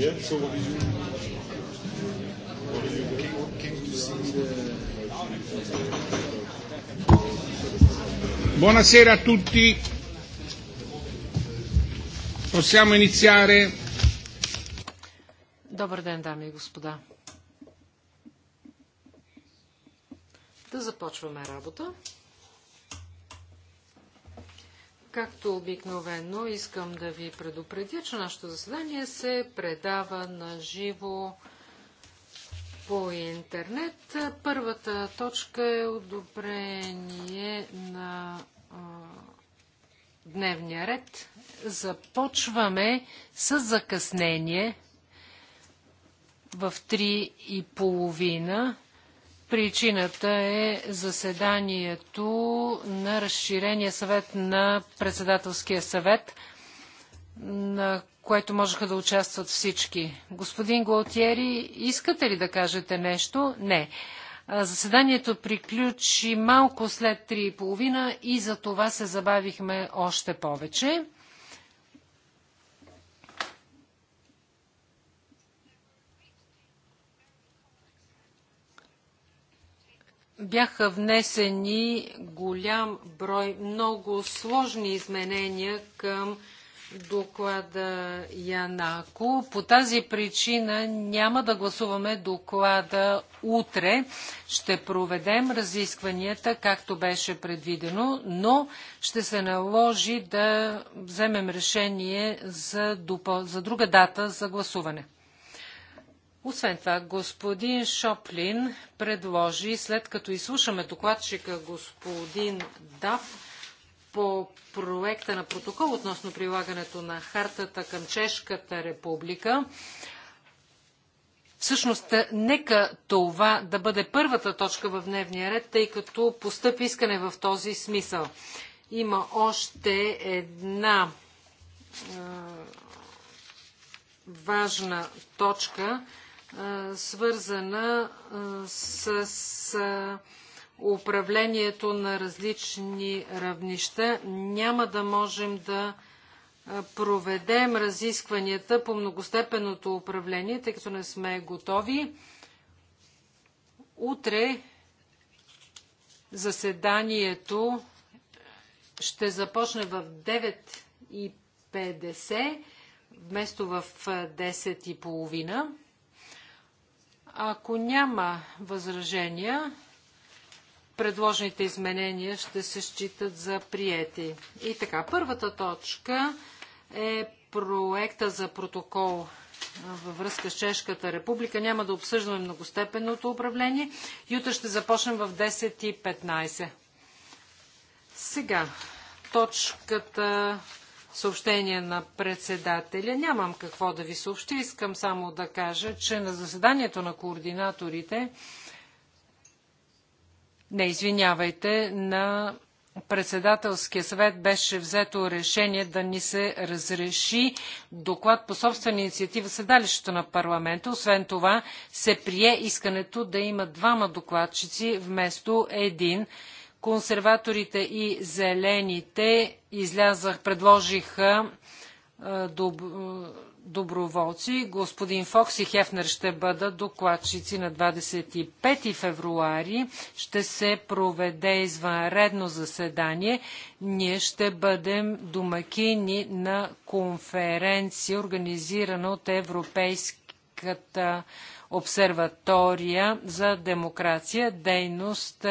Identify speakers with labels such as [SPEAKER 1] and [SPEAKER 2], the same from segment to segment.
[SPEAKER 1] Yeah, so what did you what did you came, came to see the
[SPEAKER 2] Buonasera a tutti. Possiamo iniziare?
[SPEAKER 3] Добър ден, дами и господа. Да започваме работа. Както обикновено, искам да ви предупредя, че нашето заседание се предава на живо по интернет. Първата точка е одобрение на а, дневния ред. Започваме с закъснение в 3 и половина. Причината е заседанието на разширения съвет на председателския съвет, на което можеха да участват всички. Господин Голтиери, искате ли да кажете нещо? Не. Заседанието приключи малко след 3.30 и за това се забавихме още повече. бяха внесени голям брой много сложни изменения към доклада Янако. По тази причина няма да гласуваме доклада утре. Ще проведем разискванията, както беше предвидено, но ще се наложи да вземем решение за, допъл... за друга дата за гласуване. Освен това, господин Шоплин предложи, след като изслушаме докладчика господин Дав по проекта на протокол относно прилагането на хартата към Чешката република, Всъщност, е, нека това да бъде първата точка в дневния ред, тъй като постъпи искане в този смисъл. Има още една е, важна точка, свързана с управлението на различни равнища. Няма да можем да проведем разискванията по многостепенното управление, тъй като не сме готови. Утре заседанието ще започне в 9.50 вместо в 10.30. Ако няма възражения, предложените изменения ще се считат за приети. И така, първата точка е проекта за протокол във връзка с Чешката република. Няма да обсъждаме многостепенното управление. Юта ще започнем в 10.15. Сега, точката съобщение на председателя. Нямам какво да ви съобщи. Искам само да кажа, че на заседанието на координаторите не, извинявайте, на председателския съвет беше взето решение да ни се разреши доклад по собствена инициатива седалището на парламента. Освен това се прие искането да има двама докладчици вместо един консерваторите и зелените излязах, предложиха доб, доброволци. Господин Фокс и Хефнер ще бъдат докладчици на 25 февруари. Ще се проведе извънредно заседание. Ние ще бъдем домакини на конференция, организирана от Европейската обсерватория за демокрация, дейност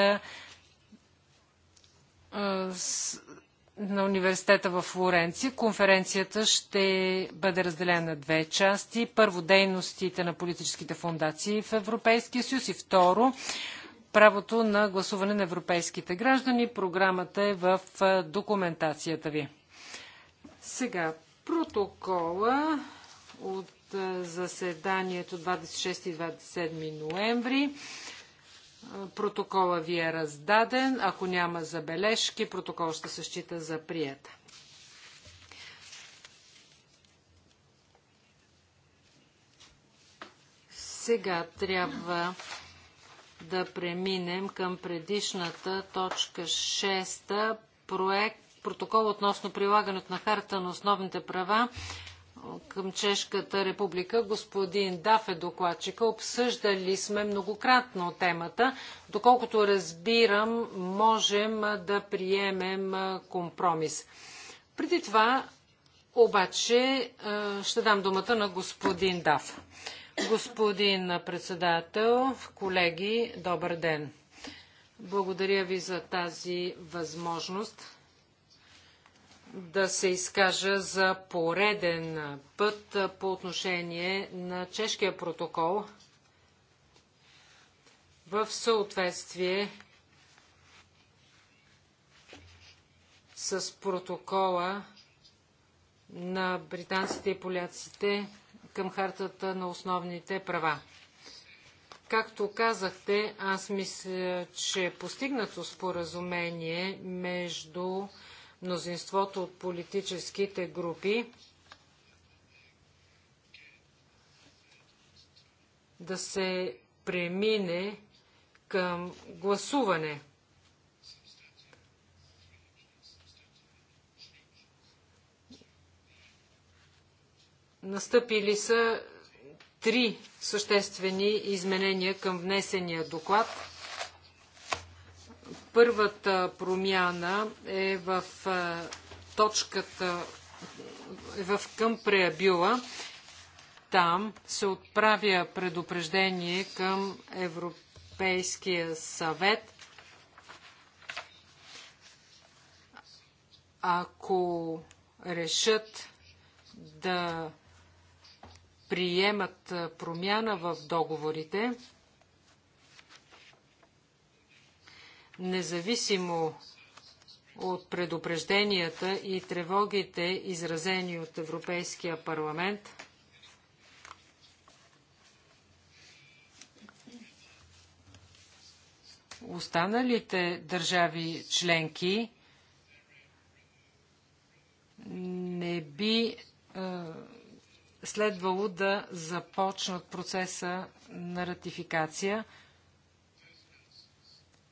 [SPEAKER 3] на университета в Флоренция. Конференцията ще бъде разделена на две части. Първо, дейностите на политическите фундации в Европейския съюз и второ, правото на гласуване на европейските граждани. Програмата е в документацията ви. Сега, протокола от заседанието 26 и 27 ноември. Протокола ви е раздаден. Ако няма забележки, протокол ще се счита за прият. Сега трябва да преминем към предишната точка 6. Проект, протокол относно прилагането на харта на основните права към Чешката република. Господин Даф е докладчика. Обсъждали сме многократно темата. Доколкото разбирам, можем да приемем компромис. Преди това обаче ще дам думата на господин Даф. Господин председател, колеги, добър ден. Благодаря ви за тази възможност да се изкажа за пореден път по отношение на чешкия протокол в съответствие с протокола на британците и поляците към хартата на основните права. Както казахте, аз мисля, че постигнато споразумение между мнозинството от политическите групи да се премине към гласуване. Настъпили са три съществени изменения към внесения доклад. Първата промяна е в точката е в към преабила. Там се отправя предупреждение към Европейския съвет. Ако решат да приемат промяна в договорите, Независимо от предупрежденията и тревогите, изразени от Европейския парламент, останалите държави членки не би следвало да започнат процеса на ратификация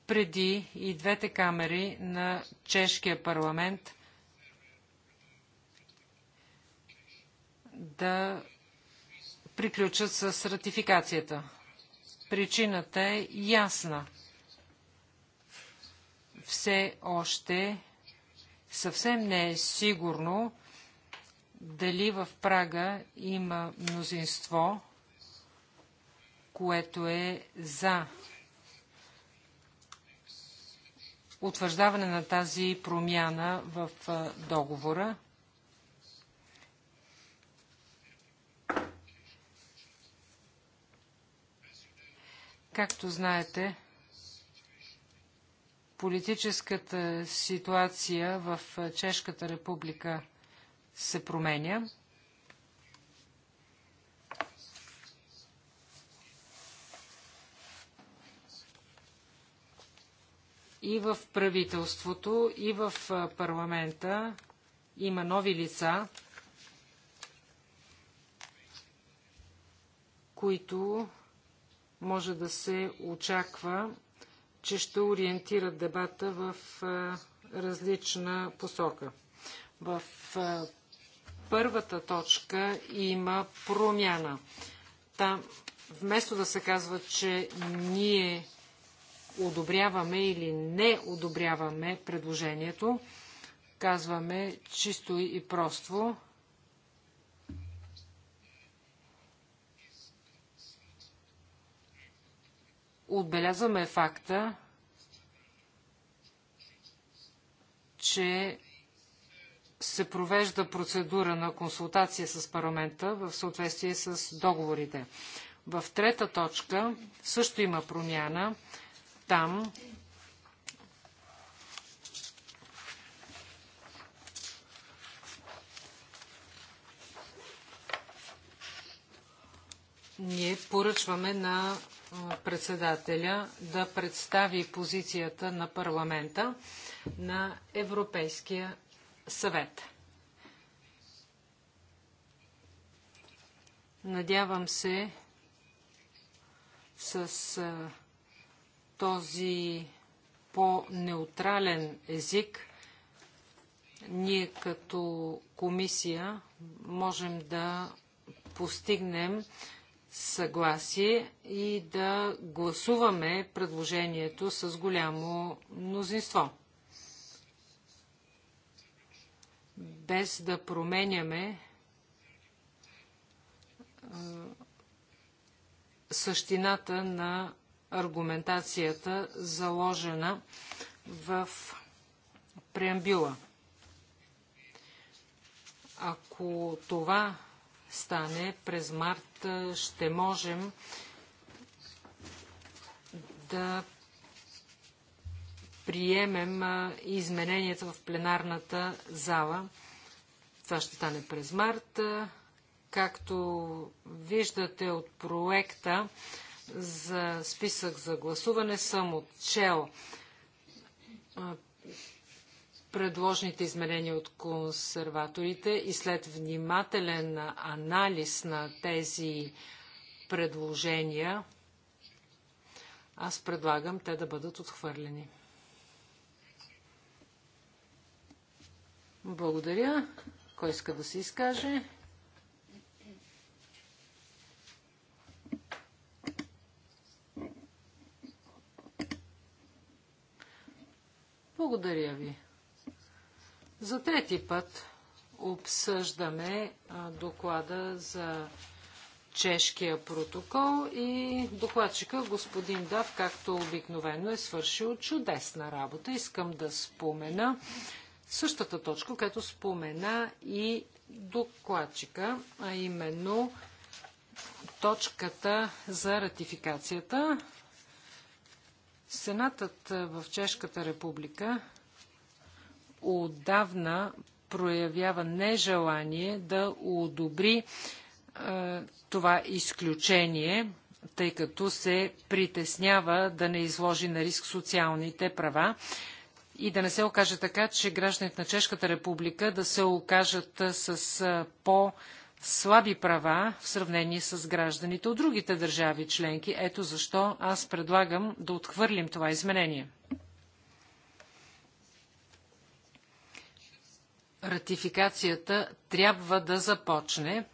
[SPEAKER 3] преди и двете камери на чешкия парламент да приключат с ратификацията. Причината е ясна. Все още съвсем не е сигурно дали в Прага има мнозинство, което е за утвърждаване на тази промяна в договора. Както знаете, политическата ситуация в Чешката република се променя. и в правителството, и в парламента има нови лица, които може да се очаква, че ще ориентират дебата в различна посока. В първата точка има промяна. Там, вместо да се казва, че ние одобряваме или не одобряваме предложението. Казваме чисто и просто. Отбелязваме факта, че се провежда процедура на консултация с парламента в съответствие с договорите. В трета точка също има промяна там ние поръчваме на председателя да представи позицията на парламента на Европейския съвет. Надявам се с този по-неутрален език, ние като комисия можем да постигнем съгласие и да гласуваме предложението с голямо мнозинство. Без да променяме същината на аргументацията, заложена в преамбюла. Ако това стане през март, ще можем да приемем измененията в пленарната зала. Това ще стане през март. Както виждате от проекта, за списък за гласуване съм отчел предложените изменения от консерваторите и след внимателен анализ на тези предложения, аз предлагам те да бъдат отхвърлени. Благодаря. Кой иска да се изкаже? Благодаря ви. За трети път обсъждаме доклада за чешкия протокол и докладчика господин Дав, както обикновено е свършил чудесна работа. Искам да спомена същата точка, която спомена и докладчика, а именно точката за ратификацията. Сенатът в Чешката република отдавна проявява нежелание да одобри е, това изключение, тъй като се притеснява да не изложи на риск социалните права и да не се окаже така, че гражданите на Чешката република да се окажат с по- слаби права в сравнение с гражданите от другите държави членки. Ето защо аз предлагам да отхвърлим това изменение. Ратификацията трябва да започне.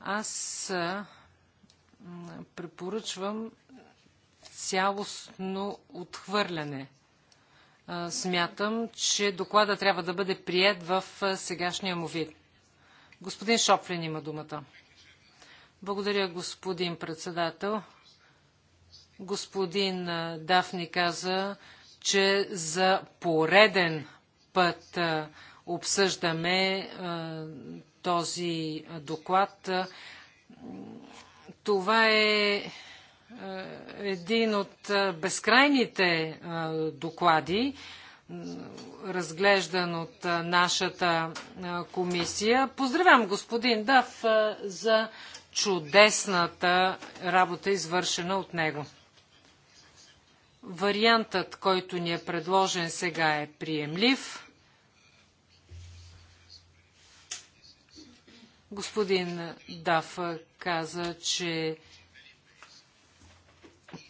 [SPEAKER 3] Аз препоръчвам цялостно отхвърляне. Смятам, че доклада трябва да бъде прият в сегашния му вид. Господин Шоплин има думата. Благодаря, господин председател. Господин Дафни каза, че за пореден път обсъждаме този доклад. Това е един от безкрайните доклади, разглеждан от нашата комисия. Поздравям господин Дав за чудесната работа, извършена от него. Вариантът, който ни е предложен сега е приемлив. Господин Даф каза, че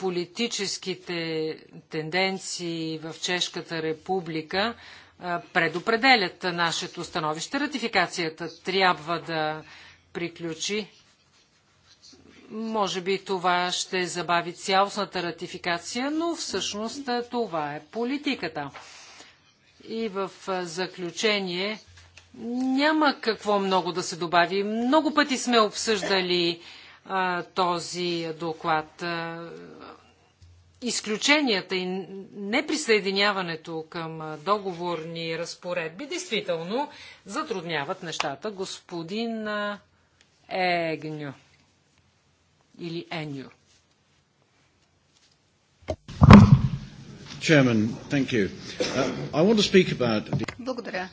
[SPEAKER 3] политическите тенденции в Чешката република предопределят нашето становище. Ратификацията трябва да приключи. Може би това ще забави цялостната ратификация, но всъщност това е политиката. И в заключение няма какво много да се добави. Много пъти сме обсъждали този доклад изключенията и неприсъединяването към договорни разпоредби действително затрудняват нещата. Господин Егню или Еню. Chairman, thank you. Uh, I want to speak about the благодаря.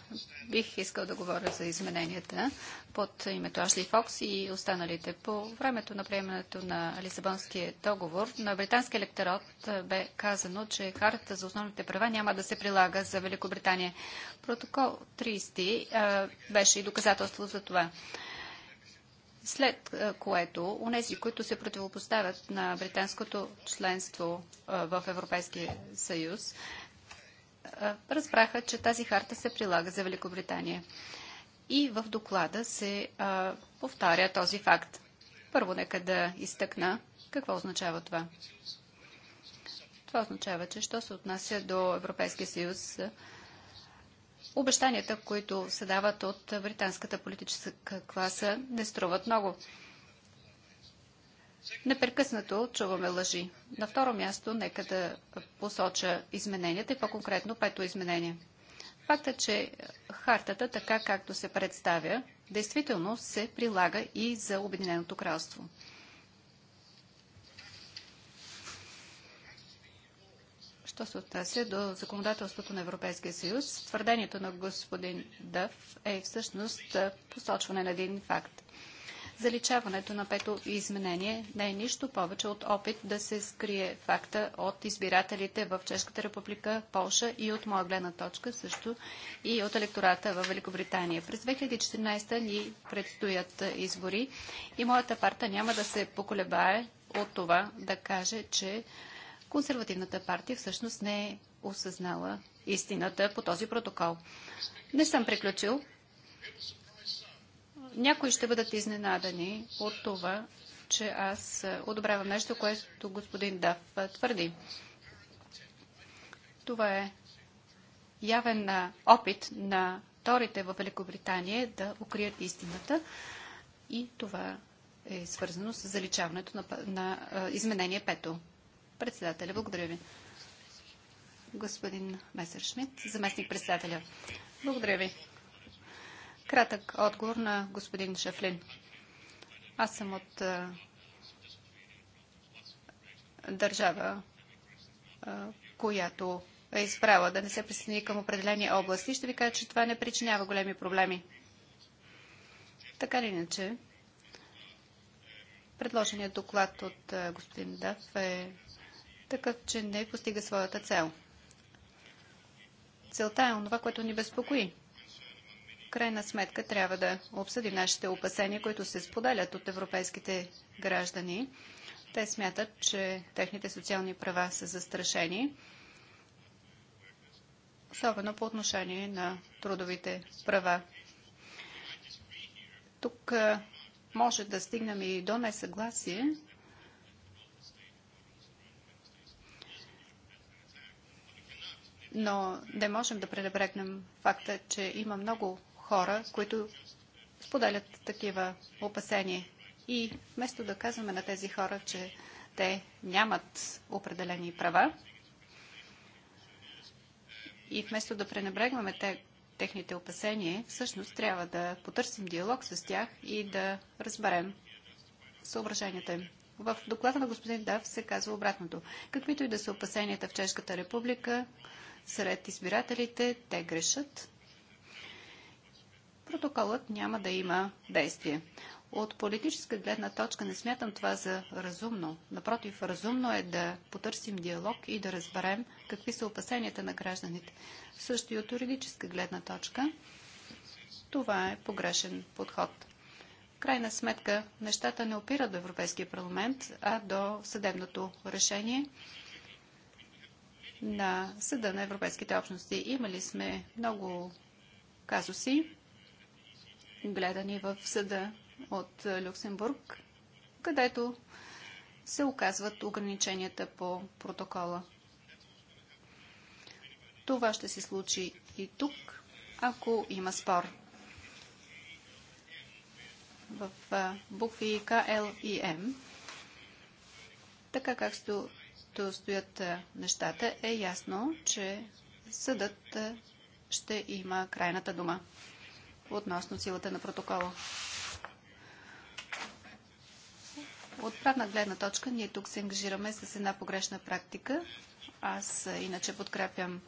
[SPEAKER 3] Бих
[SPEAKER 4] искал да говоря за измененията под името Ашли Фокс и останалите. По времето на приемането на Лисабонския договор на британския електорат бе казано, че Хартата за основните права няма да се прилага за Великобритания. Протокол 30 беше и доказателство за това. След което, унези, които се противопоставят на британското членство в Европейския съюз, разбраха, че тази харта се прилага за Великобритания. И в доклада се повтаря този факт. Първо нека да изтъкна какво означава това. Това означава, че що се отнася до Европейския съюз, обещанията, които се дават от британската политическа класа, не струват много. Непрекъснато чуваме лъжи. На второ място, нека да посоча измененията и по-конкретно пето изменение. Фактът, че хартата, така както се представя, действително се прилага и за Обединеното кралство. Що се отнася до законодателството на Европейския съюз, твърдението на господин Дъв е всъщност посочване на един факт. Заличаването на пето изменение не е нищо повече от опит да се скрие факта от избирателите в Чешката република, Полша и от моя гледна точка също и от електората в Великобритания. През 2014 ни предстоят избори и моята парта няма да се поколебае от това да каже, че консервативната партия всъщност не е осъзнала истината по този протокол. Не съм приключил. Някои ще бъдат изненадани от това, че аз е, одобрявам нещо, което господин Дав е, твърди. Това е явен е, опит на торите в Великобритания да укрият истината и това е свързано с заличаването на, на а, изменение пето. Председателя, благодаря ви. Господин Месершмит, заместник председателя. Благодаря ви. Кратък отговор на господин Шафлин. Аз съм от държава, която е избрала да не се присъедини към определени области, ще ви кажа, че това не причинява големи проблеми. Така или иначе, предложеният доклад от господин Дав е такъв, че не постига своята цел. Целта е онова, което ни безпокои крайна сметка трябва да обсъдим нашите опасения, които се споделят от европейските граждани. Те смятат, че техните социални права са застрашени, особено по отношение на трудовите права. Тук може да стигнем и до несъгласие. Но не можем да пренебрегнем факта, че има много хора, които споделят такива опасения. И вместо да казваме на тези хора, че те нямат определени права, и вместо да пренебрегваме те, техните опасения, всъщност трябва да потърсим диалог с тях и да разберем съображенията им. В доклада на господин Дав се казва обратното. Каквито и да са опасенията в Чешката република, сред избирателите те грешат протоколът няма да има действие. От политическа гледна точка не смятам това за разумно. Напротив, разумно е да потърсим диалог и да разберем какви са опасенията на гражданите. Също и от юридическа гледна точка това е погрешен подход. В крайна сметка, нещата не опират до Европейския парламент, а до съдебното решение на Съда на Европейските общности. Имали сме много казуси, гледани в съда от Люксембург, където се оказват ограниченията по протокола. Това ще се случи и тук, ако има спор. В букви К, Л и М, така както стоят нещата, е ясно, че съдът ще има крайната дума относно силата на протокола. От правна гледна точка ние тук се ангажираме с една погрешна практика. Аз иначе подкрепям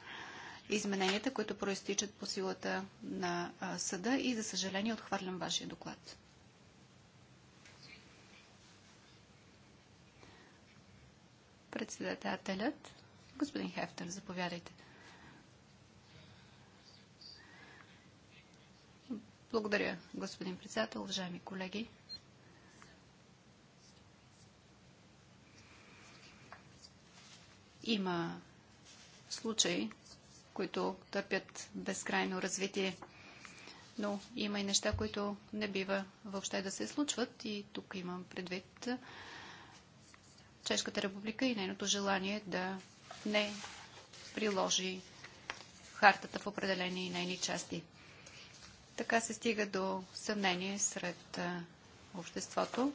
[SPEAKER 4] измененията, които проистичат по силата на съда и за съжаление отхвърлям вашия доклад. Председателят, господин Хефтер, заповядайте. Благодаря, господин председател, уважаеми колеги. Има случаи, които търпят безкрайно развитие, но има и неща, които не бива въобще да се случват и тук имам предвид Чешката република и нейното желание да не приложи хартата в определени нейни части. Така се стига до съмнение сред обществото.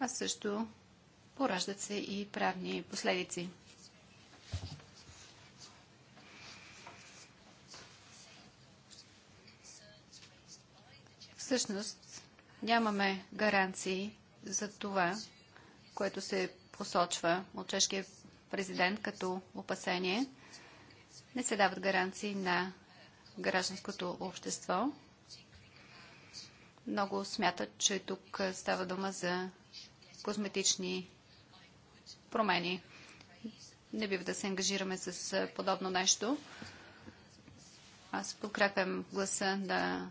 [SPEAKER 4] А също пораждат се и правни последици. Всъщност нямаме гаранции за това, което се посочва от чешкия президент като опасение. Не се дават гаранции на гражданското общество. Много смятат, че тук става дума за козметични промени. Не бива да се ангажираме с подобно нещо. Аз подкрепям гласа на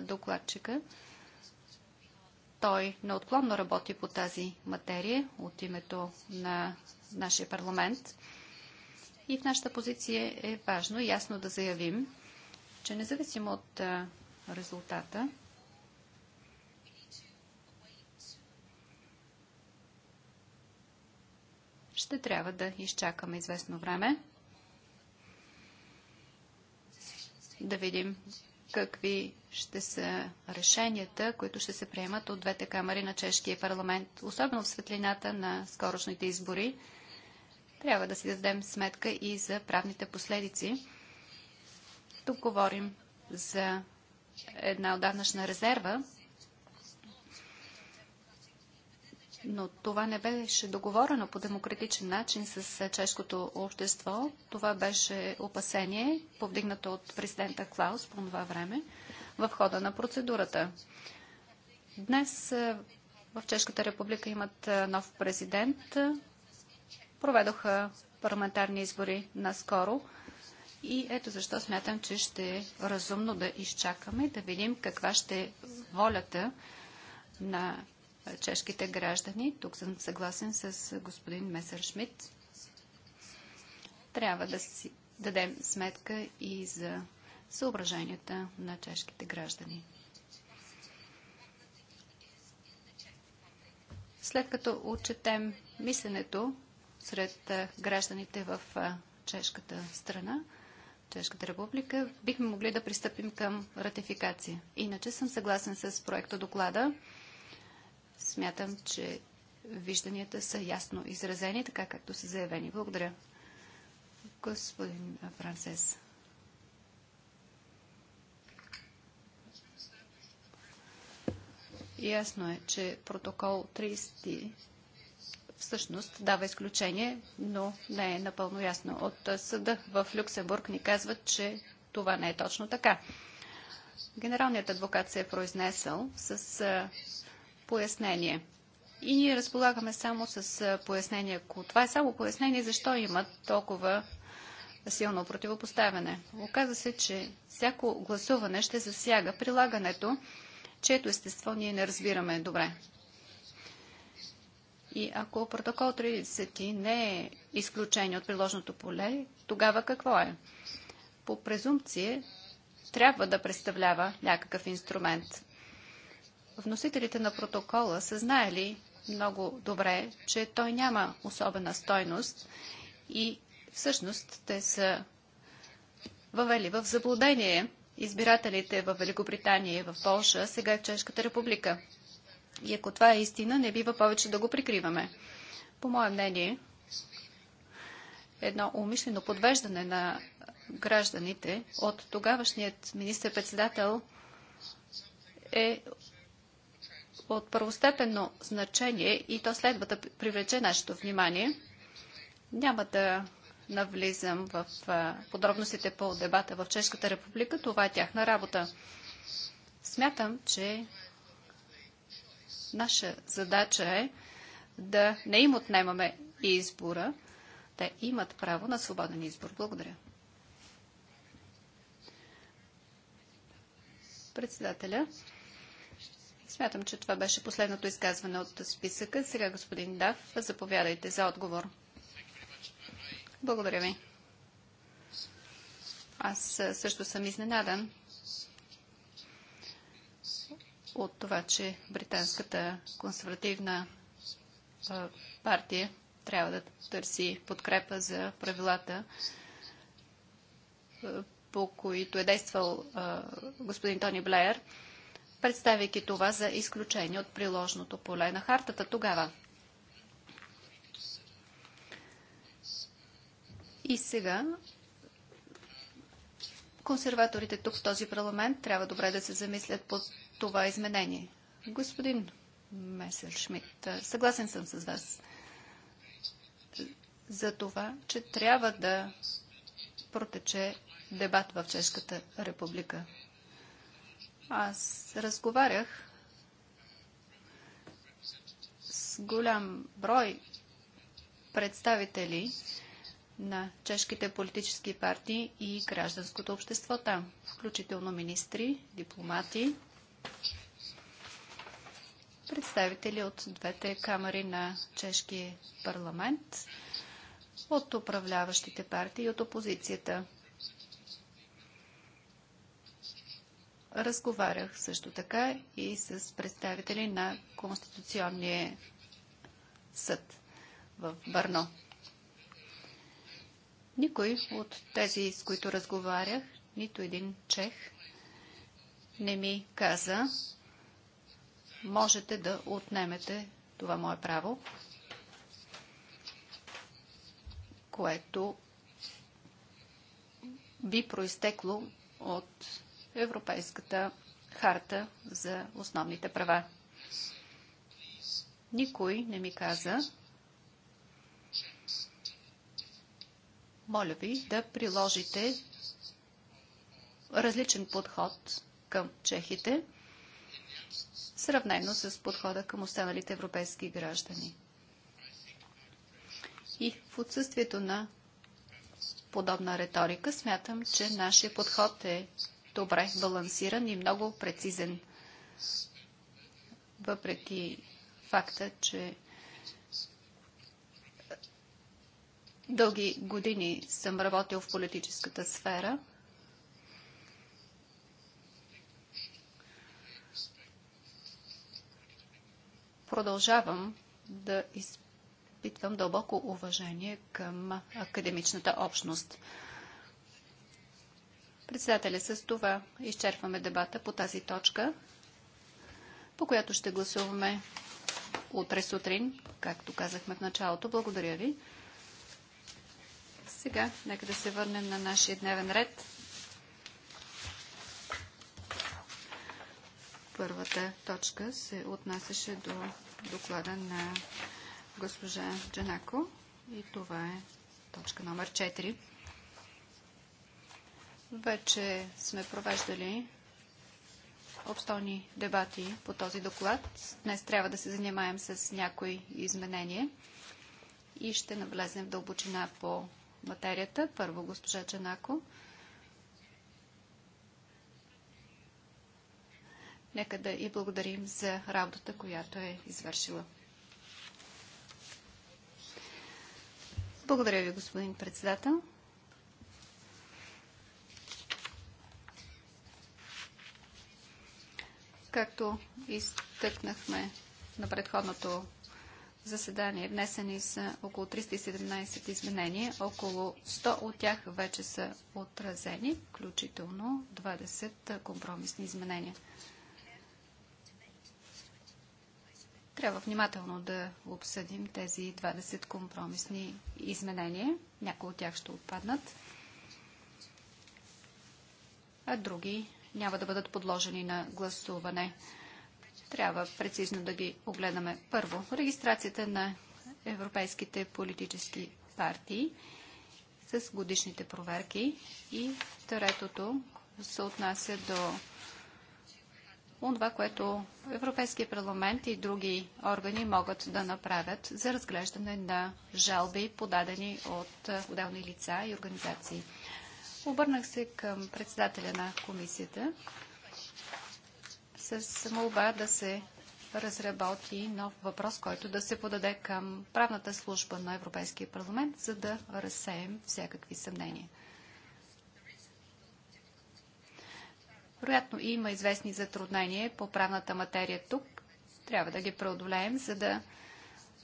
[SPEAKER 4] докладчика. Той неотклонно работи по тази материя от името на нашия парламент. И в нашата позиция е важно ясно да заявим, че независимо от резултата, ще трябва да изчакаме известно време, да видим какви ще са решенията, които ще се приемат от двете камери на Чешкия парламент, особено в светлината на скорошните избори трябва да си дадем сметка и за правните последици. Тук говорим за една отдавнашна резерва, но това не беше договорено по демократичен начин с чешкото общество. Това беше опасение, повдигнато от президента Клаус по това време в хода на процедурата. Днес в Чешката република имат нов президент, проведоха парламентарни избори наскоро. И ето защо смятам, че ще е разумно да изчакаме, да видим каква ще е волята на чешките граждани. Тук съм съгласен с господин месер Шмидт. Трябва да си дадем сметка и за съображенията на чешките граждани. След като отчетем мисленето сред гражданите в чешката страна, Чешката република, бихме могли да пристъпим към ратификация. Иначе съм съгласен с проекта доклада. Смятам, че вижданията са ясно изразени, така както са заявени. Благодаря. Господин Францес. Ясно е, че протокол всъщност дава изключение, но не е напълно ясно. От е, съда в Люксембург ни казват, че това не е точно така. Генералният адвокат се е произнесъл с е, пояснение. И ние разполагаме само с е, пояснение. Ако това е само пояснение, защо има толкова силно противопоставяне? Оказва се, че всяко гласуване ще засяга прилагането, чието естество ние не разбираме добре. И ако протокол 30 не е изключение от приложното поле, тогава какво е? По презумпция трябва да представлява някакъв инструмент. Вносителите на протокола са знаели много добре, че той няма особена стойност и всъщност те са въвели в заблудение избирателите в Великобритания и в Полша, сега и в Чешката република. И ако това е истина, не бива повече да го прикриваме. По мое мнение, едно умишлено подвеждане на гражданите от тогавашният министр-председател е от първостепенно значение и то следва да привлече нашето внимание. Няма да навлизам в подробностите по дебата в Чешката република. Това е тяхна работа. Смятам, че Наша задача е да не им отнемаме избора. да имат право на свободен избор. Благодаря. Председателя. Смятам, че това беше последното изказване от списъка. Сега, господин Дав, заповядайте за отговор. Благодаря ви. Аз също съм изненадан от това, че британската консервативна партия трябва да търси подкрепа за правилата, по които е действал господин Тони Блеер, представяйки това за изключение от приложното поле на хартата тогава. И сега консерваторите тук в този парламент трябва добре да се замислят под това изменение. Господин Месер Шмидт, съгласен съм с вас за това, че трябва да протече дебат в Чешката република. Аз разговарях с голям брой представители на чешките политически партии и гражданското общество там, включително министри, дипломати, представители от двете камери на чешкия парламент, от управляващите партии и от опозицията. Разговарях също така и с представители на Конституционния съд в Барно. Никой от тези, с които разговарях, нито един чех, не ми каза, можете да отнемете това мое право, което би проистекло от Европейската харта за основните права. Никой не ми каза, моля ви да приложите различен подход към чехите, сравнено с подхода към останалите европейски граждани. И в отсъствието на подобна риторика, смятам, че нашия подход е добре балансиран и много прецизен. Въпреки факта, че дълги години съм работил в политическата сфера – продължавам да изпитвам дълбоко уважение към академичната общност. Председателя, с това изчерпваме дебата по тази точка, по която ще гласуваме утре сутрин, както казахме в началото. Благодаря ви. Сега нека да се върнем на нашия дневен ред. Първата точка се отнасяше до доклада на госпожа Джанако и това е точка номер 4. Вече сме провеждали обстойни дебати по този доклад. Днес трябва да се занимаем с някои изменения и ще навлезем в дълбочина по материята. Първо госпожа Джанако. Нека да и благодарим за работата, която е извършила. Благодаря ви, господин председател. Както изтъкнахме на предходното заседание, внесени са около 317 изменения. Около 100 от тях вече са отразени, включително 20 компромисни изменения. Трябва внимателно да обсъдим тези 20 компромисни изменения. Някои от тях ще отпаднат, а други няма да бъдат подложени на гласуване. Трябва прецизно да ги огледаме. Първо, регистрацията на европейските политически партии с годишните проверки и третото се отнася до това, което Европейския парламент и други органи могат да направят за разглеждане на жалби, подадени от е, отделни лица и организации. Обърнах се към председателя на комисията с молба да се разработи нов въпрос, който да се подаде към правната служба на Европейския парламент, за да разсеем всякакви съмнения. Вероятно има известни затруднения по правната материя тук. Трябва да ги преодолеем, за да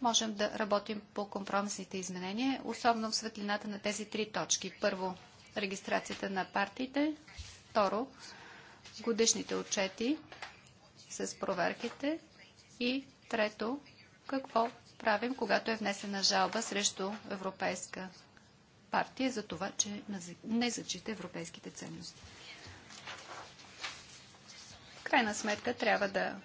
[SPEAKER 4] можем да работим по компромисните изменения, особено в светлината на тези три точки. Първо, регистрацията на партиите. Второ, годишните отчети с проверките. И трето, какво правим, когато е внесена жалба срещу Европейска партия за това, че не зачита европейските ценности крайна сметка трябва да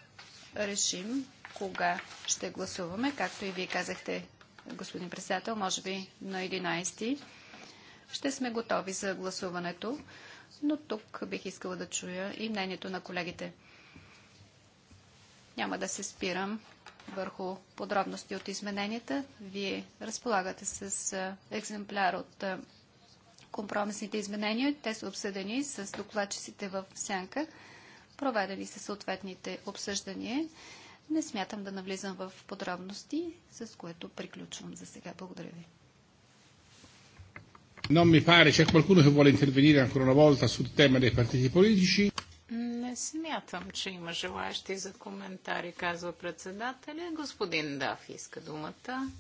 [SPEAKER 4] решим кога ще гласуваме, както и вие казахте, господин председател, може би на 11 ще сме готови за гласуването, но тук бих искала да чуя и мнението на колегите. Няма да се спирам върху подробности от измененията. Вие разполагате с екземпляр от компромисните изменения. Те са обсъдени с докладчиците в сянка. Проведени са съответните обсъждания. Не смятам да навлизам в подробности, с което приключвам за сега. Благодаря ви.
[SPEAKER 2] Non mi pare, c'è qualcuno che vuole intervenire ancora una volta sul tema dei partiti politici?
[SPEAKER 5] Не смятам, че има желаящи за коментари, казва председателя. Господин Даф иска думата.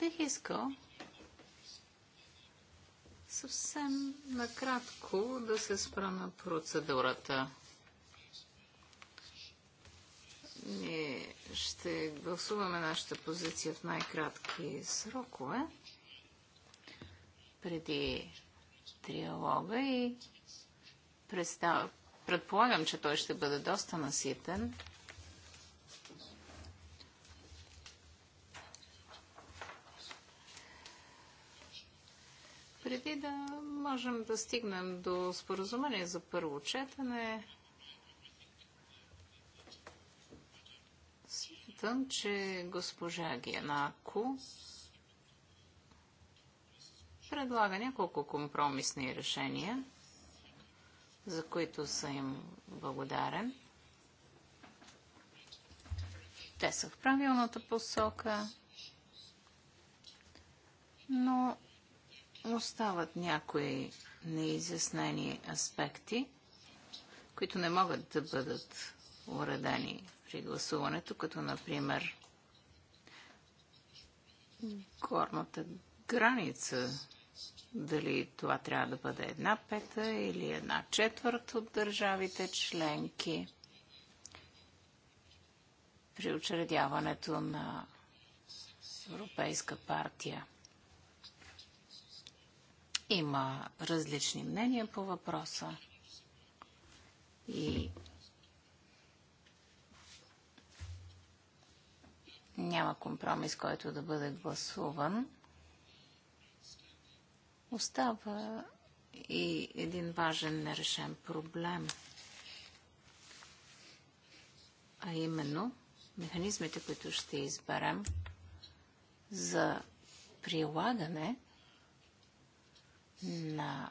[SPEAKER 5] Бих искал Съвсем накратко да се спра на процедурата. Ние ще гласуваме нашата позиция в най-кратки срокове преди триалога и представ... предполагам, че той ще бъде доста наситен. Преди да можем да стигнем до споразумение за първо четене, смятам, че госпожа Генако предлага няколко компромисни решения, за които съм им благодарен. Те са в правилната посока, но Остават някои неизяснени аспекти, които не могат да бъдат уредени при гласуването, като например горната граница. Дали това трябва да бъде една пета или една четвърт от държавите членки при учредяването на Европейска партия. Има различни мнения по въпроса и няма компромис, който да бъде гласуван. Остава и един важен нерешен проблем, а именно механизмите, които ще изберем за прилагане на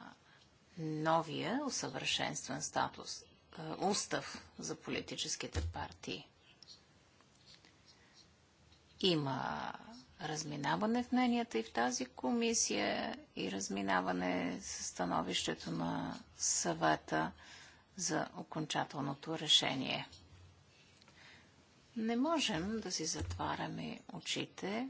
[SPEAKER 5] новия усъвършенстван статус, е, устав за политическите партии. Има разминаване в мненията и в тази комисия и разминаване с становището на съвета за окончателното решение. Не можем да си затваряме очите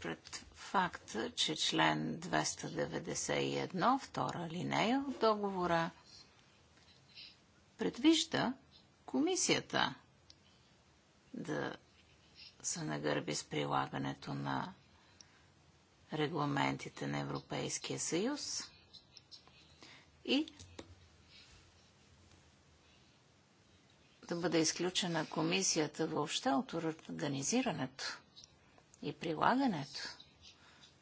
[SPEAKER 5] пред факт, че член 291, втора линея от договора, предвижда комисията да се нагърби с прилагането на регламентите на Европейския съюз и да бъде изключена комисията въобще от организирането и прилагането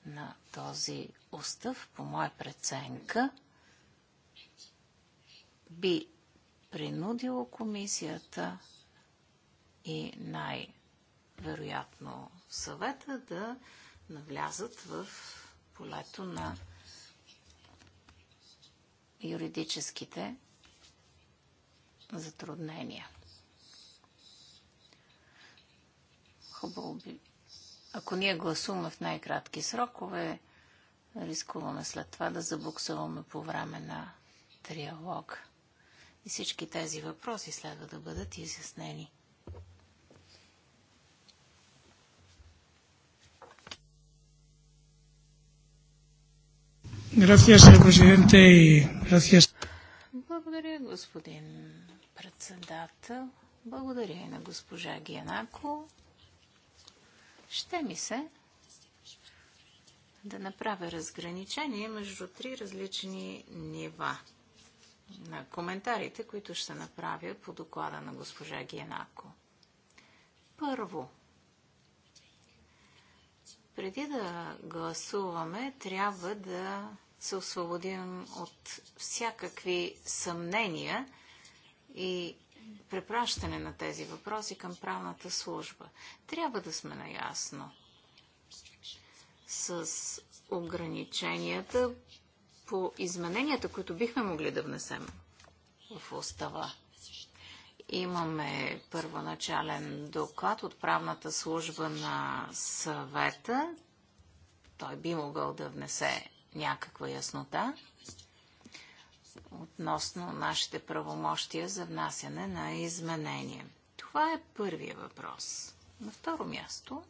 [SPEAKER 5] на този устав, по моя преценка, би принудило комисията и най-вероятно съвета да навлязат в полето на юридическите затруднения. Хубаво би ако ние гласуваме в най-кратки срокове, рискуваме след това да забуксуваме по време на триалог. И всички тези въпроси следва да бъдат изяснени. Благодаря, господин председател. Благодаря и на госпожа Гианако ще ми се да направя разграничение между три различни нива на коментарите, които ще направя по доклада на госпожа Генако. Първо, преди да гласуваме, трябва да се освободим от всякакви съмнения и препращане на тези въпроси към правната служба. Трябва да сме наясно с ограниченията по измененията, които бихме могли да внесем в устава. Имаме първоначален доклад от правната служба на съвета. Той би могъл да внесе някаква яснота относно нашите правомощия за внасяне на изменения. Това е първия въпрос. На второ място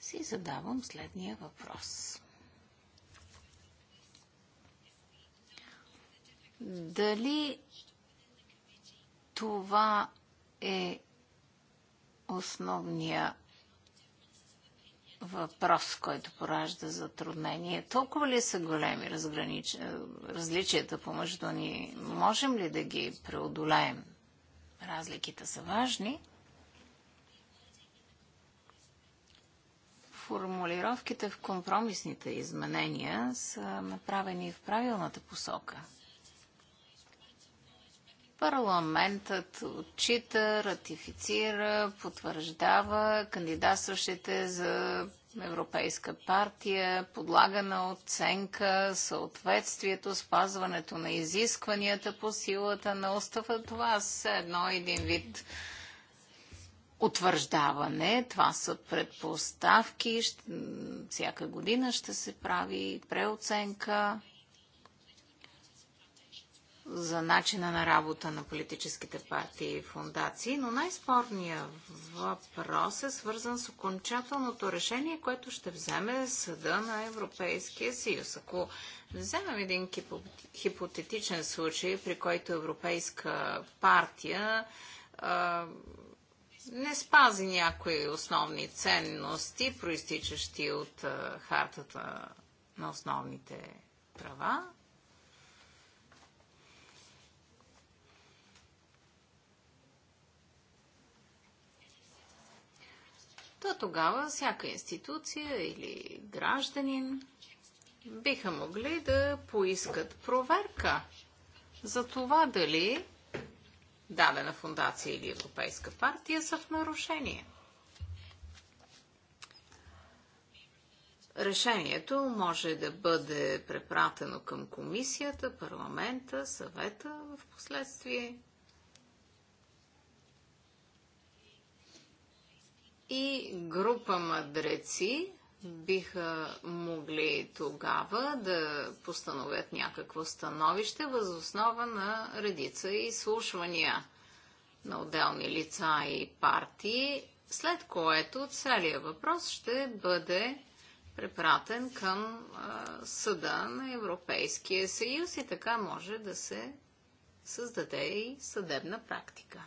[SPEAKER 5] си задавам следния въпрос. Дали това е основния въпрос, който поражда затруднение. Толкова ли са големи разгранич... Е, различията помежду ни? Можем ли да ги преодолеем? Разликите са важни. Формулировките в компромисните изменения са направени в правилната посока – Парламентът отчита, ратифицира, потвърждава кандидатстващите за Европейска партия, подлага на оценка съответствието, спазването на изискванията по силата на устава. Това са едно един вид утвърждаване. Това са предпоставки. Всяка година ще се прави преоценка за начина на работа на политическите партии и фундации, но най-спорният въпрос е свързан с окончателното решение, което ще вземе съда на Европейския съюз. Ако вземем един хипотетичен случай, при който Европейска партия а, не спази някои основни ценности, проистичащи от а, хартата на основните права, то тогава всяка институция или гражданин биха могли да поискат проверка за това дали дадена фундация или Европейска партия са в нарушение. Решението може да бъде препратено към комисията, парламента, съвета в последствие. и група мъдреци биха могли тогава да постановят някакво становище възоснова на редица изслушвания на отделни лица и партии, след което целият въпрос ще бъде препратен към а, съда на Европейския съюз и така може да се създаде и съдебна практика.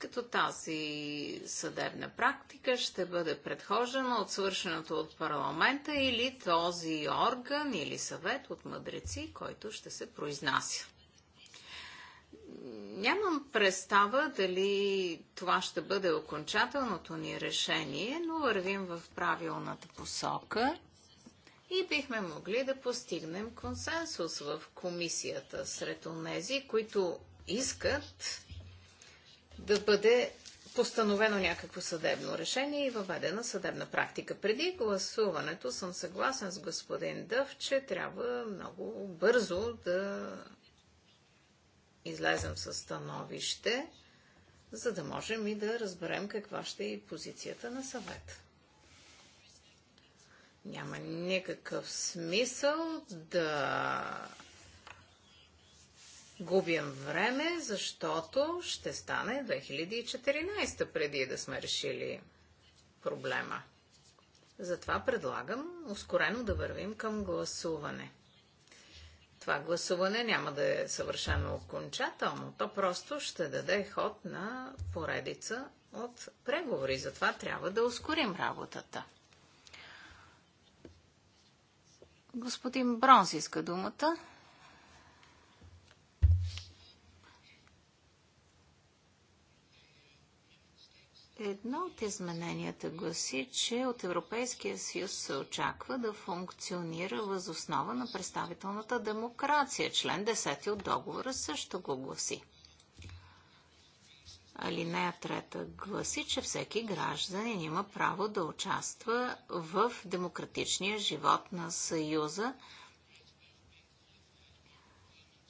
[SPEAKER 5] като тази съдебна практика ще бъде предхождана от свършеното от парламента или този орган или съвет от мъдреци, който ще се произнася. Нямам представа дали това ще бъде окончателното ни решение, но вървим в правилната посока и бихме могли да постигнем консенсус в комисията сред онези, които искат да бъде постановено някакво съдебно решение и въведена съдебна практика. Преди гласуването съм съгласен с господин Дъв, че трябва много бързо да излезем със становище, за да можем и да разберем каква ще е позицията на съвет. Няма никакъв смисъл да губим време, защото ще стане 2014 преди да сме решили проблема. Затова предлагам ускорено да вървим към гласуване. Това гласуване няма да е съвършено окончателно, то просто ще даде ход на поредица от преговори. Затова трябва да ускорим работата. Господин Бронс иска думата. Едно от измененията гласи, че от Европейския съюз се очаква да функционира възоснова на представителната демокрация. Член 10 от договора също го гласи. Алинея 3 гласи, че всеки гражданин има право да участва в демократичния живот на Съюза –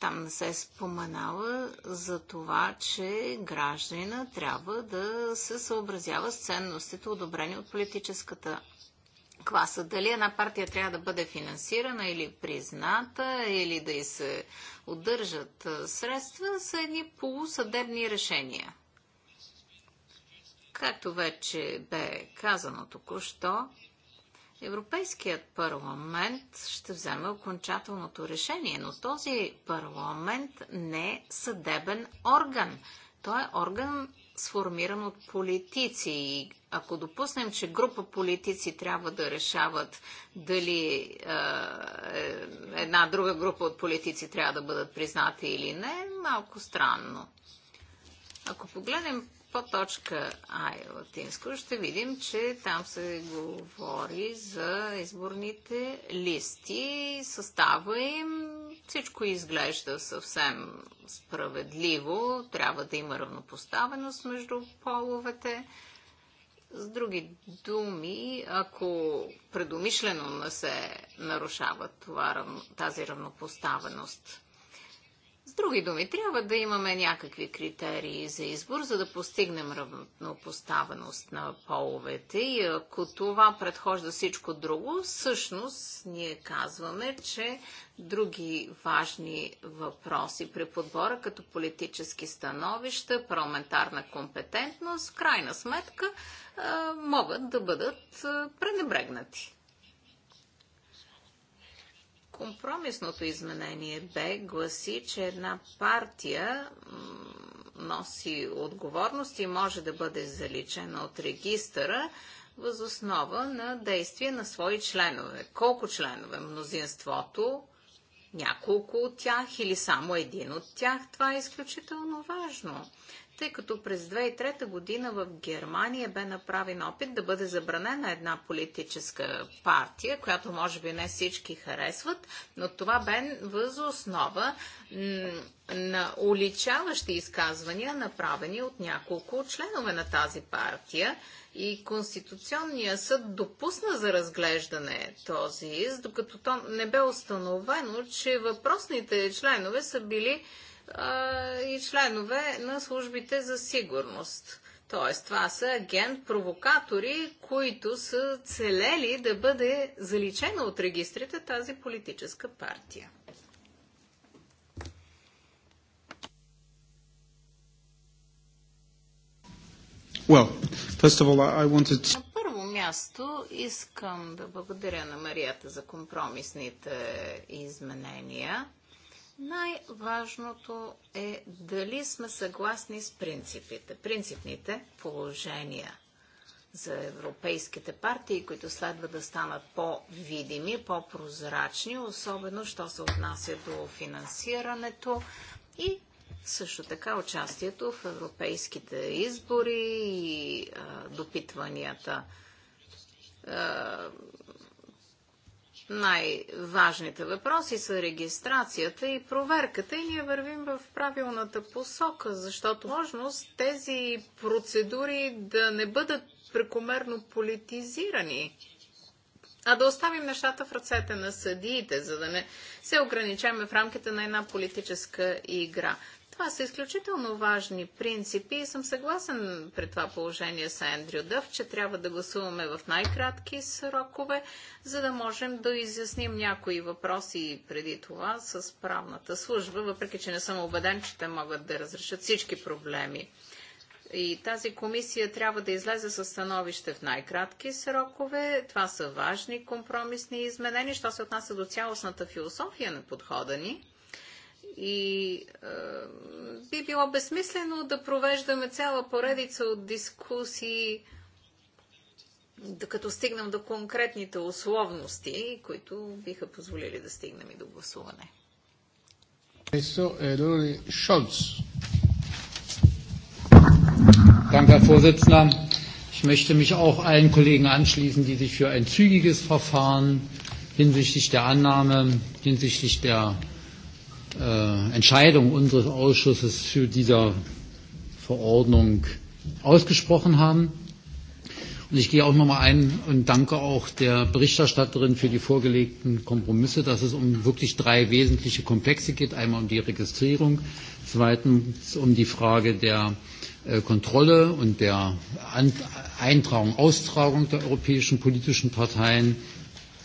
[SPEAKER 5] там не се е споменава за това, че гражданина трябва да се съобразява с ценностите, одобрени от политическата класа. Дали една партия трябва да бъде финансирана или призната, или да й се удържат средства, са едни полусъдебни решения. Както вече бе казано току-що, Европейският парламент ще вземе окончателното решение, но този парламент не е съдебен орган. Той е орган сформиран от политици. И ако допуснем, че група политици трябва да решават дали е, една друга група от политици трябва да бъдат признати или не, е малко странно. Ако погледнем по точка Ай е латинско ще видим, че там се говори за изборните листи, състава им, всичко изглежда съвсем справедливо, трябва да има равнопоставеност между половете. С други думи, ако предумишлено не се нарушава това, тази равнопоставеност, други думи, трябва да имаме някакви критерии за избор, за да постигнем равнопоставеност на половете. И ако това предхожда всичко друго, всъщност ние казваме, че други важни въпроси при подбора, като политически становища, парламентарна компетентност, в крайна сметка могат да бъдат пренебрегнати. Компромисното изменение Б гласи, че една партия носи отговорност и може да бъде заличена от регистъра възоснова на действие на свои членове. Колко членове? Мнозинството, няколко от тях или само един от тях? Това е изключително важно тъй като през 2003 година в Германия бе направен опит да бъде забранена една политическа партия, която може би не всички харесват, но това бе възоснова на уличаващи изказвания, направени от няколко членове на тази партия и Конституционният съд допусна за разглеждане този из, докато то не бе установено, че въпросните членове са били и членове на службите за сигурност. Тоест, това са агент-провокатори, които са целели да бъде заличена от регистрите тази политическа партия.
[SPEAKER 1] Well, first of all, I wanted... На
[SPEAKER 5] първо място искам да благодаря на Марията за компромисните изменения. Най-важното е дали сме съгласни с принципите, принципните положения за европейските партии, които следва да станат по-видими, по-прозрачни, особено що се отнася до финансирането и също така участието в европейските избори и а, допитванията. А, най-важните въпроси са регистрацията и проверката и ние вървим в правилната посока, защото можност тези процедури да не бъдат прекомерно политизирани, а да оставим нещата в ръцете на съдиите, за да не се ограничаваме в рамките на една политическа игра. Това са изключително важни принципи и съм съгласен при това положение с Ендрю Дъв, че трябва да гласуваме в най-кратки срокове, за да можем да изясним някои въпроси преди това с правната служба, въпреки че не съм убеден, че те могат да разрешат всички проблеми. И тази комисия трябва да излезе със становище в най-кратки срокове. Това са важни компромисни изменения, що се отнася до цялостната философия на подхода ни и е, би било безсмислено да провеждаме цяла поредица от дискусии, докато стигнем до конкретните условности, които биха позволили да стигнем и до гласуване.
[SPEAKER 1] Danke, Herr Vorsitzender. Ich möchte mich auch allen Kollegen anschließen, die sich für ein zügiges Verfahren hinsichtlich der Annahme, hinsichtlich der Entscheidung unseres Ausschusses zu dieser Verordnung ausgesprochen haben. Und ich gehe auch nochmal ein und danke auch der Berichterstatterin für die vorgelegten Kompromisse, dass es um wirklich drei wesentliche Komplexe geht. Einmal um die Registrierung, zweitens um die Frage der Kontrolle und der Eintragung, Austragung der europäischen politischen Parteien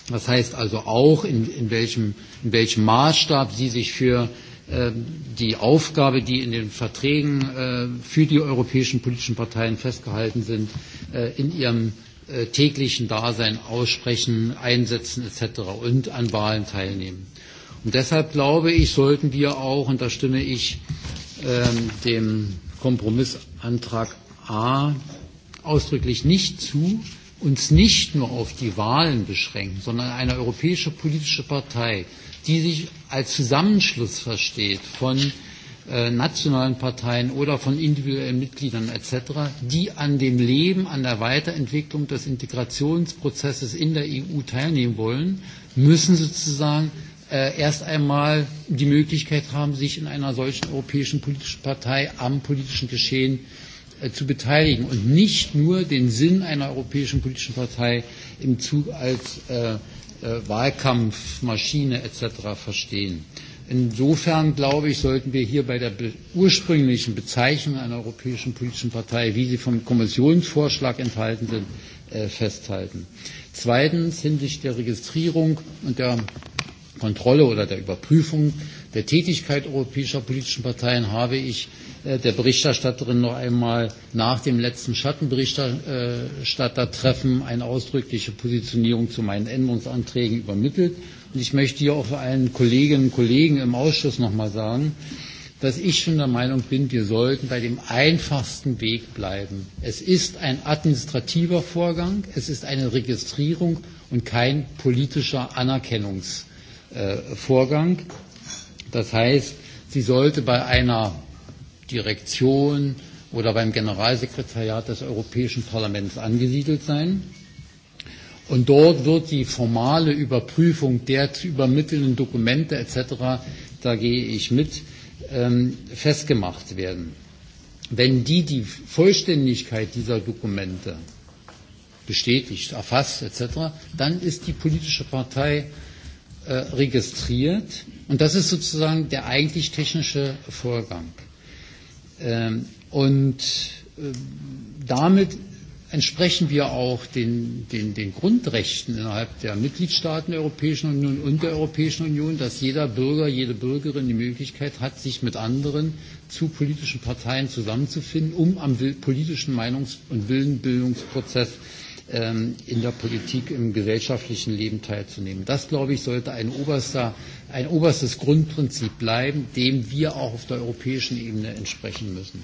[SPEAKER 1] Das heißt also auch, in, in, welchem, in welchem Maßstab Sie sich für die Aufgabe, die in den Verträgen für die europäischen politischen Parteien festgehalten sind, in ihrem täglichen Dasein aussprechen, einsetzen etc. und an Wahlen teilnehmen. Und deshalb glaube ich, sollten wir auch, und da stimme ich dem Kompromissantrag A ausdrücklich nicht zu, uns nicht nur auf die Wahlen beschränken, sondern eine europäische politische Partei, die sich als Zusammenschluss versteht von nationalen Parteien oder von individuellen Mitgliedern etc., die an dem Leben, an der Weiterentwicklung des Integrationsprozesses in der EU teilnehmen wollen, müssen sozusagen erst einmal die Möglichkeit haben, sich in einer solchen europäischen politischen Partei am politischen Geschehen zu beteiligen und nicht nur den Sinn einer europäischen politischen Partei im Zug als Wahlkampfmaschine etc. verstehen. Insofern glaube ich, sollten wir hier bei der ursprünglichen Bezeichnung einer europäischen politischen Partei, wie sie vom Kommissionsvorschlag enthalten sind, festhalten. Zweitens hinsichtlich der Registrierung und der Kontrolle oder der Überprüfung der Tätigkeit europäischer politischen Parteien habe ich der Berichterstatterin noch einmal nach dem letzten Schattenberichterstattertreffen eine ausdrückliche Positionierung zu meinen Änderungsanträgen übermittelt. Und ich möchte hier auch allen Kolleginnen und Kollegen im Ausschuss noch einmal sagen, dass ich schon der Meinung bin, wir sollten bei dem einfachsten Weg bleiben. Es ist ein administrativer Vorgang, es ist eine Registrierung und kein politischer Anerkennungs Vorgang. Das heißt, sie sollte bei einer Direktion oder beim Generalsekretariat des Europäischen Parlaments angesiedelt sein. Und dort wird die formale Überprüfung der zu übermittelnden Dokumente etc., da gehe ich mit, festgemacht werden. Wenn die die Vollständigkeit dieser Dokumente bestätigt, erfasst etc., dann ist die politische Partei registriert. Und das ist sozusagen der eigentlich technische Vorgang. und damit entsprechen wir auch den, den, den Grundrechten innerhalb der Mitgliedstaaten der Europäischen Union und der Europäischen Union, dass jeder Bürger, jede Bürgerin die Möglichkeit hat, sich mit anderen zu politischen Parteien zusammenzufinden, um am politischen Meinungs- und Willenbildungsprozess in der Politik, im gesellschaftlichen Leben teilzunehmen. Das, glaube ich, sollte ein, oberster, ein oberstes Grundprinzip bleiben, dem wir auch auf der europäischen Ebene entsprechen müssen.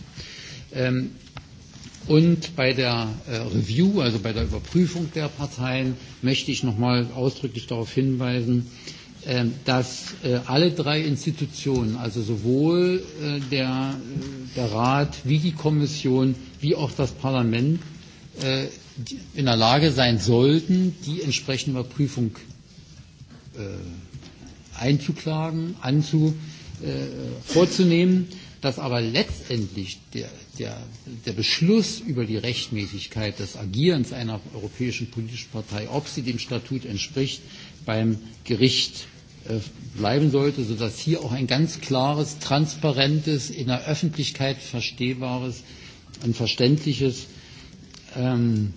[SPEAKER 1] Und bei der Review, also bei der Überprüfung der Parteien, möchte ich nochmal ausdrücklich darauf hinweisen, dass alle drei Institutionen, also sowohl der, Rat wie die Kommission wie auch das Parlament, in der Lage sein sollten, die entsprechende Überprüfung einzuklagen, anzu, vorzunehmen, dass aber letztendlich der, der, der Beschluss über die Rechtmäßigkeit des Agierens einer europäischen politischen Partei, ob sie dem Statut entspricht, beim Gericht bleiben sollte, sodass hier auch ein ganz klares, transparentes, in der Öffentlichkeit verstehbares ein verständliches ähm,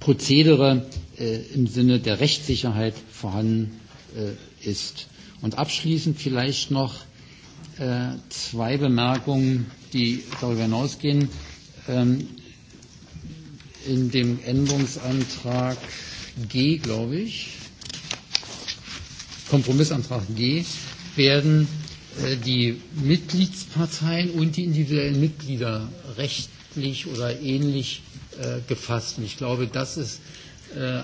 [SPEAKER 1] Prozedere äh, im Sinne der Rechtssicherheit vorhanden äh, ist. Und abschließend vielleicht noch äh, zwei Bemerkungen, die darüber hinausgehen. Ähm, in dem Änderungsantrag G, glaube ich, Kompromissantrag G, werden äh, die Mitgliedsparteien und die individuellen Mitglieder rechtlich oder ähnlich gefasst. Und ich glaube, das ist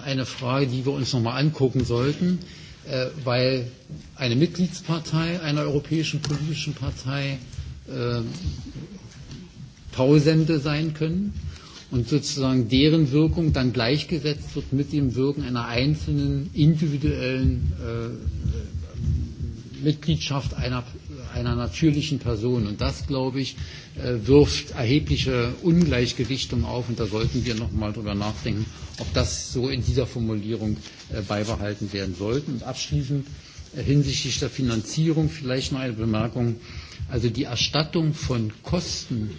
[SPEAKER 1] eine Frage, die wir uns nochmal angucken sollten, weil eine Mitgliedspartei einer europäischen politischen Partei Tausende sein können und sozusagen deren Wirkung dann gleichgesetzt wird mit dem Wirken einer einzelnen individuellen Mitgliedschaft einer einer natürlichen Person. Und das, glaube ich, wirft erhebliche Ungleichgewichtung auf. Und da sollten wir noch mal drüber nachdenken, ob das so in dieser Formulierung beibehalten werden sollte. Und abschließend hinsichtlich der Finanzierung vielleicht noch eine Bemerkung. Also die Erstattung von Kosten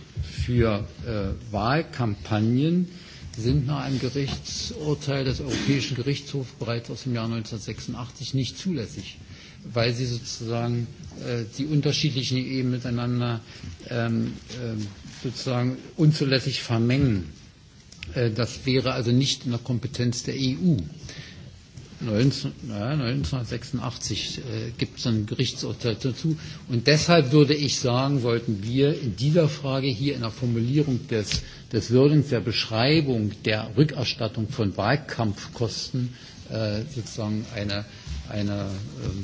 [SPEAKER 1] für äh, Wahlkampagnen sind nach einem Gerichtsurteil des Europäischen Gerichtshofs bereits aus dem Jahr 1986 nicht zulässig, weil sie sozusagen die unterschiedlichen Ebenen miteinander ähm, sozusagen unzulässig vermengen. Das wäre also nicht in der Kompetenz der EU. 19, ja, 1986 äh, gibt es ein Gerichtsurteil dazu. Und deshalb würde ich sagen, sollten wir in dieser Frage hier in der Formulierung des, des Wordings, der Beschreibung der Rückerstattung von Wahlkampfkosten äh, sozusagen eine, eine ähm,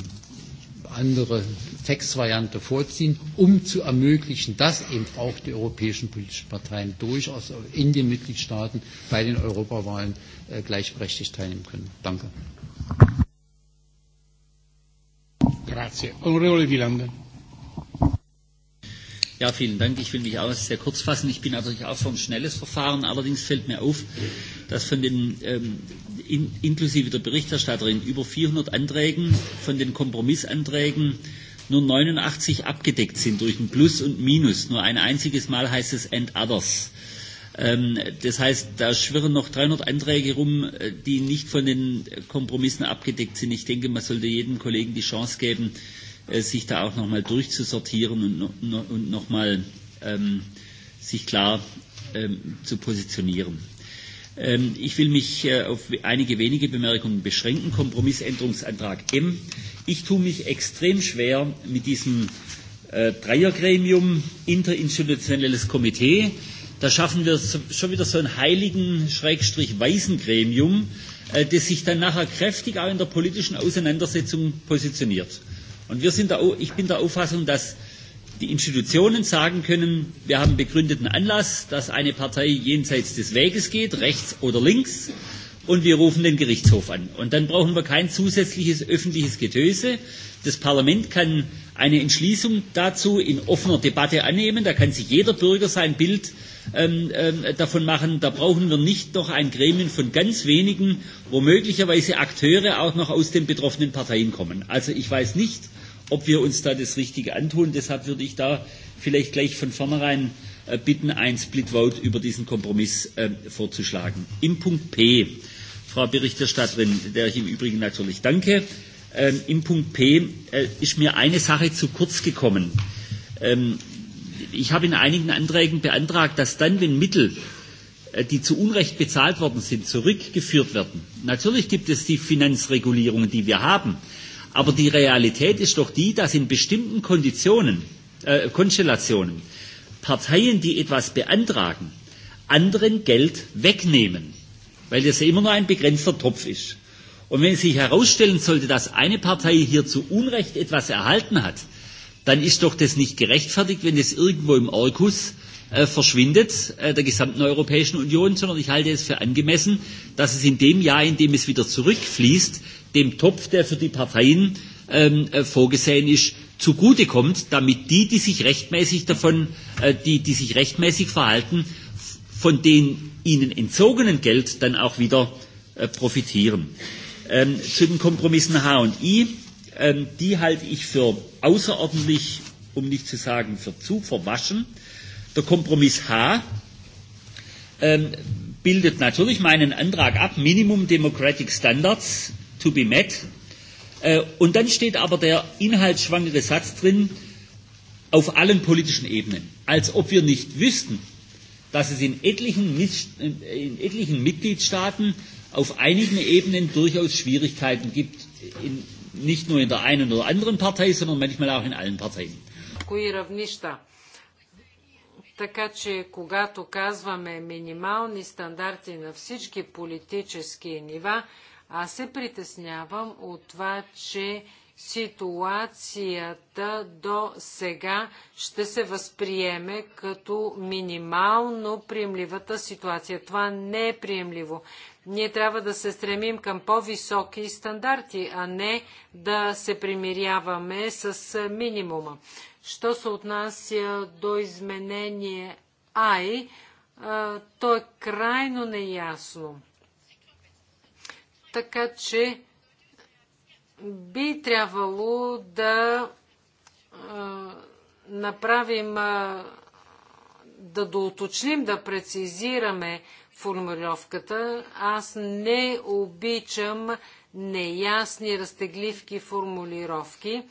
[SPEAKER 1] andere Textvariante vorziehen, um zu ermöglichen, dass eben auch die europäischen politischen Parteien durchaus in den Mitgliedstaaten bei den Europawahlen gleichberechtigt teilnehmen können. Danke.
[SPEAKER 2] Grazie. Onorevole Ja, vielen Dank. Ich will mich auch sehr kurz fassen. Ich bin natürlich auch für ein schnelles Verfahren. Allerdings fällt mir auf, dass von den, ähm, in, inklusive der Berichterstatterin, über 400 Anträgen, von den Kompromissanträgen nur 89 abgedeckt sind durch ein Plus und Minus. Nur ein einziges Mal heißt es and others. Ähm, das heißt, da schwirren noch 300 Anträge rum, die nicht von den Kompromissen abgedeckt sind. Ich denke, man sollte jedem Kollegen die Chance geben, sich da auch nochmal durchzusortieren und, und nochmal ähm, sich klar ähm, zu positionieren. Ich will mich auf einige wenige Bemerkungen beschränken. Kompromissänderungsantrag M. Ich tue mich extrem schwer mit diesem Dreiergremium, interinstitutionelles Komitee. Da schaffen wir schon wieder so ein heiligen, schrägstrich weißen Gremium, das sich dann nachher kräftig auch in der politischen Auseinandersetzung positioniert. Und wir sind der, ich bin der Auffassung, dass die Institutionen sagen können, wir haben begründeten Anlass, dass eine Partei jenseits des Weges geht, rechts oder links, und wir rufen den Gerichtshof an. Und dann brauchen wir kein zusätzliches öffentliches Getöse. Das Parlament kann eine Entschließung dazu in offener Debatte annehmen. Da kann sich jeder Bürger sein Bild ähm, davon machen. Da brauchen wir nicht noch ein Gremium von ganz wenigen, wo möglicherweise Akteure auch noch aus den betroffenen Parteien kommen. Also ich weiß nicht, ob wir uns da das Richtige antun. Deshalb würde ich da vielleicht gleich von vornherein bitten, ein Split Vote über diesen Kompromiss vorzuschlagen. Im Punkt P, Frau Berichterstatterin, der ich im Übrigen natürlich danke, im Punkt P ist mir eine Sache zu kurz gekommen. ich habe in einigen Anträgen beantragt, dass dann, wenn Mittel die zu Unrecht bezahlt worden sind, zurückgeführt werden. Natürlich gibt es die Finanzregulierung, die wir haben. Aber die Realität ist doch die, dass in bestimmten Konditionen, äh, Konstellationen Parteien, die etwas beantragen, anderen Geld wegnehmen, weil das ja immer nur ein begrenzter Topf ist. Und wenn sich herausstellen sollte, dass eine Partei hier zu Unrecht etwas erhalten hat, dann ist doch das nicht gerechtfertigt, wenn es irgendwo im Orkus verschwindet der gesamten Europäischen Union, sondern ich halte es für angemessen, dass es in dem Jahr, in dem es wieder zurückfließt, dem Topf, der für die Parteien vorgesehen ist, zugutekommt, damit die, die sich rechtmäßig davon, die, die sich rechtmäßig verhalten, von den ihnen entzogenen Geld dann auch wieder profitieren. zu den Kompromissen H und I, die halte ich für außerordentlich, um nicht zu sagen für zu verwaschen. Der Kompromiss H ähm, bildet natürlich meinen Antrag ab, Minimum Democratic Standards to be met. Äh, und dann steht aber der inhaltsschwangere Satz drin, auf allen politischen Ebenen, als ob wir nicht wüssten, dass es in etlichen, in etlichen Mitgliedstaaten auf einigen Ebenen durchaus Schwierigkeiten gibt, in, nicht nur in der einen oder anderen Partei, sondern manchmal auch in allen Parteien.
[SPEAKER 3] Кои така че, когато казваме минимални стандарти на всички политически нива, аз се притеснявам от това, че ситуацията до сега ще се възприеме като минимално приемливата ситуация. Това не е приемливо. Ние трябва да се стремим към по-високи стандарти, а не да се примиряваме с минимума. Що се отнася до изменение I, то е крайно неясно. Така че би трябвало да направим, да доуточним, да прецизираме формулировката. Аз не обичам неясни разтегливки формулировки.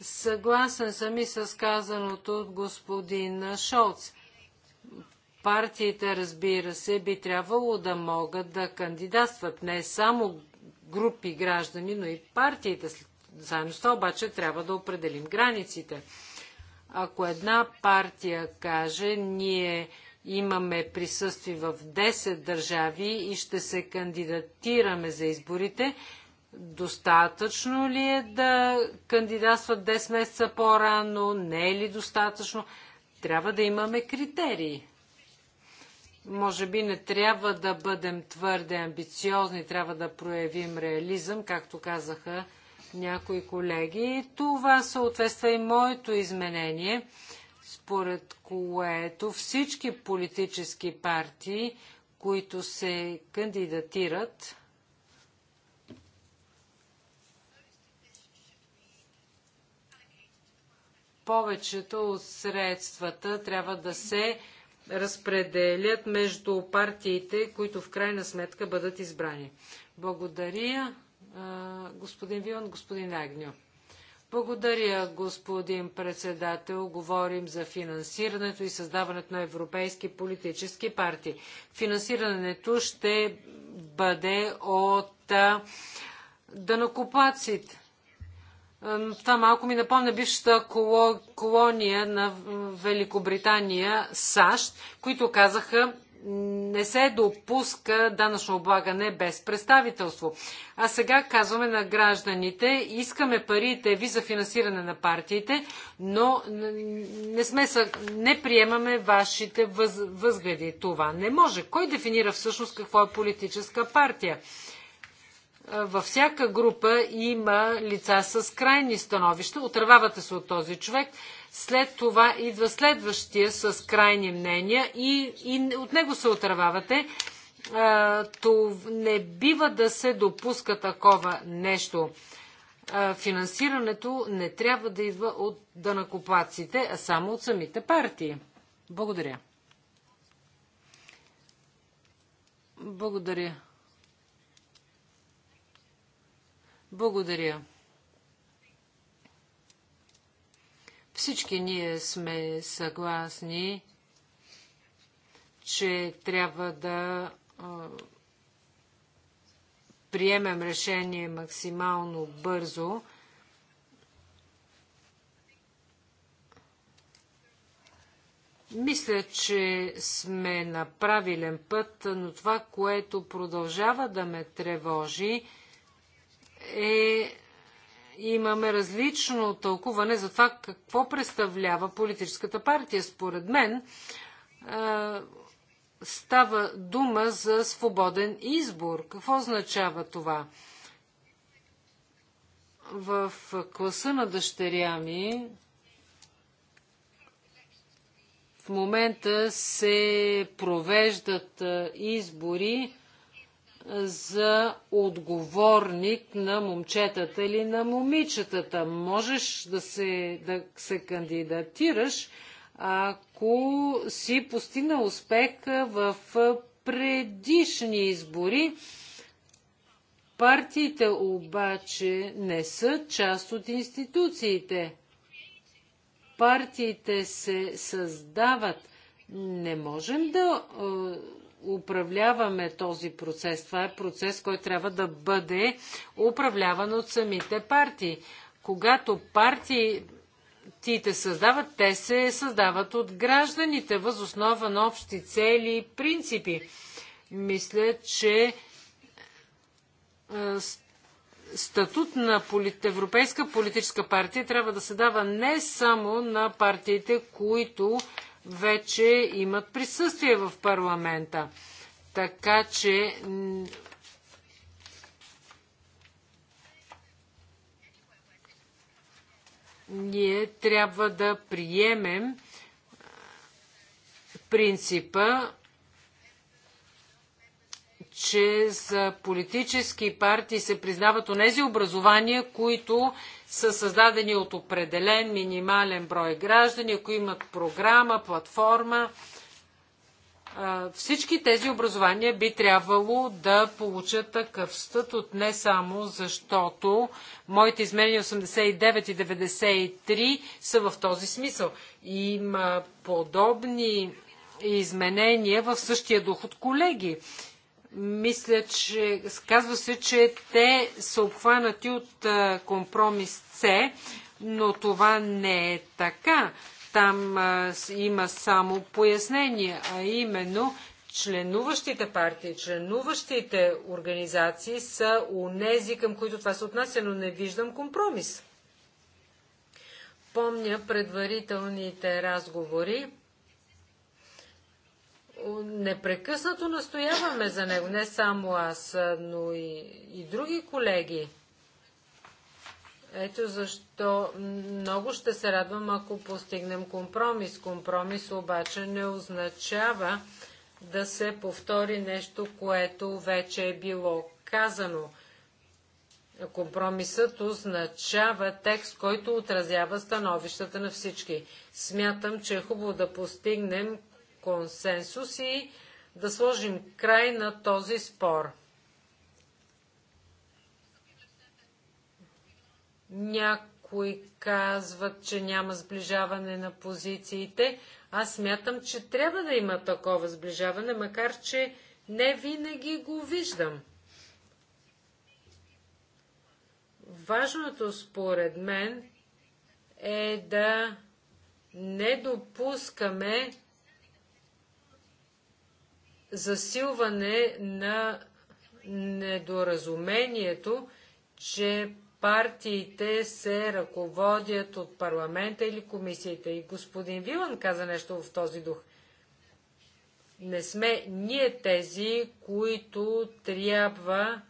[SPEAKER 3] Съгласен съм и с казаното от господин Шолц. Партиите, разбира се, би трябвало да могат да кандидатстват не само групи граждани, но и партиите. Заедно с това обаче трябва да определим границите. Ако една партия каже, ние имаме присъствие в 10 държави и ще се кандидатираме за изборите, Достатъчно ли е да кандидатстват 10 месеца по-рано? Не е ли достатъчно? Трябва да имаме критерии. Може би не трябва да бъдем твърде амбициозни, трябва да проявим реализъм, както казаха някои колеги. Това съответства и моето изменение, според което всички политически партии, които се кандидатират, повечето от средствата трябва да се разпределят между партиите, които в крайна сметка бъдат избрани. Благодаря, господин Вион, господин Агньо. Благодаря, господин председател. Говорим за финансирането и създаването на европейски политически партии. Финансирането ще бъде от дънакопаците. Това малко ми напомня бившата колония на Великобритания, САЩ, които казаха, не се допуска данъчно облагане без представителство. А сега казваме на гражданите, искаме парите ви за финансиране на партиите, но не, сме, не приемаме вашите възгледи. Това не може. Кой дефинира всъщност какво е политическа партия? Във всяка група има лица с крайни становища. Отървавате се от този човек. След това идва следващия с крайни мнения и, и от него се отървавате. То не бива да се допуска такова нещо. Финансирането не трябва да идва от дънакоплаците, а само от самите партии. Благодаря. Благодаря. Благодаря. Всички ние сме съгласни, че трябва да а, приемем решение максимално бързо. Мисля, че сме на правилен път, но това, което продължава да ме тревожи, е имаме различно тълкуване за това какво представлява политическата партия. Според мен е, става дума за свободен избор. Какво означава това? В класа на дъщеря ми в момента се провеждат е, избори за отговорник на момчетата или на момичетата. Можеш да се, да се кандидатираш, ако си постигна успех в предишни избори. Партиите обаче не са част от институциите. Партиите се създават. Не можем да е, управляваме този процес. Това е процес, който трябва да бъде управляван от самите партии. Когато партии, те създават, те се създават от гражданите, въз основа на общи цели и принципи. Мисля, че статут на Европейска политическа партия трябва да се дава не само на партиите, които вече имат присъствие в парламента. Така че ние трябва да приемем принципа че за политически партии се признават онези образования, които са създадени от определен минимален брой граждани, ако имат програма, платформа. Всички тези образования би трябвало да получат такъв статут, не само защото моите измерения 89 и 93 са в този смисъл. Има подобни изменения в същия дух от колеги. Мисля, че казва се, че те са обхванати от компромис С, но това не е така. Там има само пояснение, а именно членуващите партии, членуващите организации са унези, към които това се отнася, но не виждам компромис. Помня предварителните разговори непрекъснато настояваме за него, не само аз, но и, и други колеги. Ето защо много ще се радвам, ако постигнем компромис. Компромис обаче не означава да се повтори нещо, което вече е било казано. Компромисът означава текст, който отразява становищата на всички. Смятам, че е хубаво да постигнем консенсус и да сложим край на този спор. Някои казват, че няма сближаване на позициите. Аз смятам, че трябва да има такова сближаване, макар че не винаги го виждам. Важното според мен е да не допускаме засилване на недоразумението, че партиите се ръководят от парламента или комисиите. И господин Вилан каза нещо в този дух. Не сме ние тези, които трябва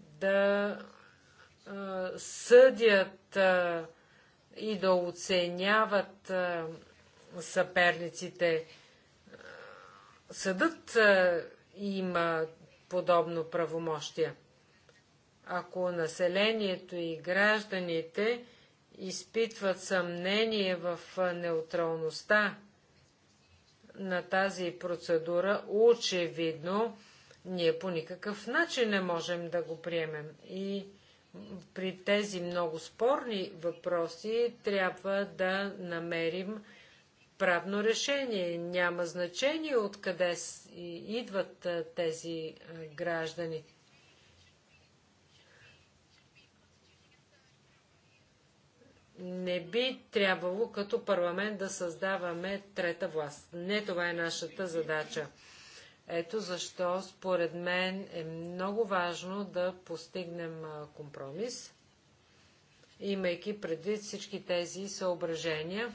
[SPEAKER 3] да а, съдят а, и да оценяват а, съперниците съдът е, има подобно правомощие. Ако населението и гражданите изпитват съмнение в е, неутралността на тази процедура, очевидно ние по никакъв начин не можем да го приемем. И при тези много спорни въпроси трябва да намерим правно решение. Няма значение откъде идват тези граждани. Не би трябвало като парламент да създаваме трета власт. Не това е нашата задача. Ето защо, според мен, е много важно да постигнем компромис, имайки предвид всички тези съображения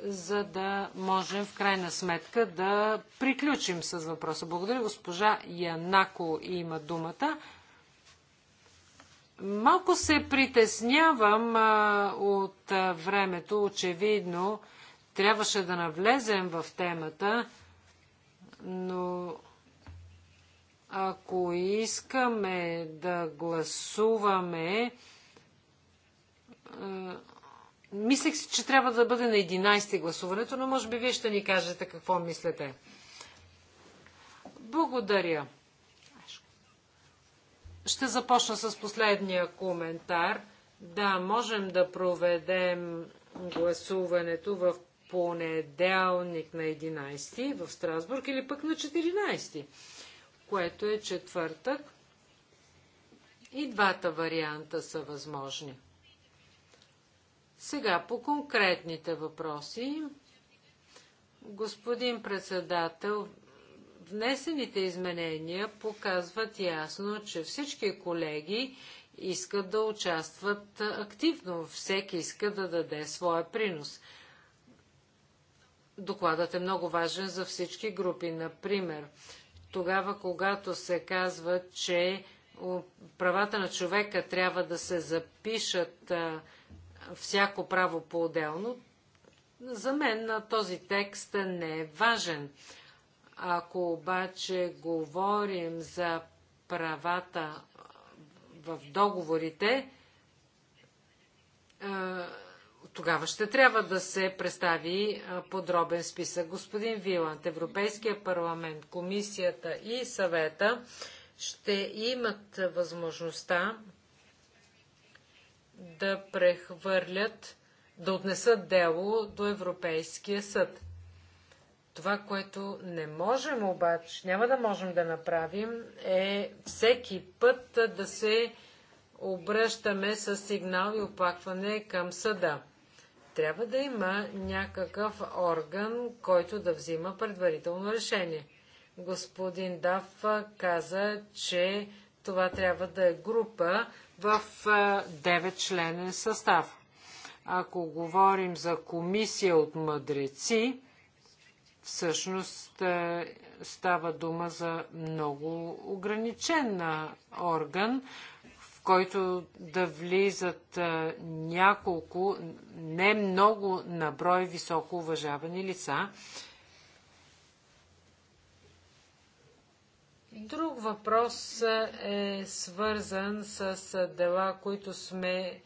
[SPEAKER 3] за да можем в крайна сметка да приключим с въпроса. Благодаря. Госпожа Янако има думата. Малко се притеснявам а, от а, времето. Очевидно, трябваше да навлезем в темата, но ако искаме да гласуваме, а, Мислех си, че трябва да бъде на 11 гласуването, но може би вие ще ни кажете какво мислите. Благодаря. Ще започна с последния коментар. Да, можем да проведем гласуването в понеделник на 11 в Страсбург или пък на 14, което е четвъртък. И двата варианта са възможни. Сега по конкретните въпроси. Господин председател, внесените изменения показват ясно, че всички колеги искат да участват активно. Всеки иска да даде своя принос. Докладът е много важен за всички групи. Например, тогава, когато се казва, че правата на човека трябва да се запишат всяко право по-отделно, за мен този текст не е важен. Ако обаче говорим за правата в договорите, тогава ще трябва да се представи подробен списък. Господин Виланд, Европейския парламент, комисията и съвета ще имат възможността да прехвърлят, да отнесат дело до Европейския съд. Това, което не можем обаче, няма да можем да направим, е всеки път да се обръщаме с сигнал и оплакване към съда. Трябва да има някакъв орган, който да взима предварително решение. Господин Дав каза, че това трябва да е група, в 9-членен състав. Ако говорим за комисия от мъдреци, всъщност е, става дума за много ограничен орган, в който да влизат няколко, не много наброй високо уважавани лица Друг въпрос е свързан с дела, които сме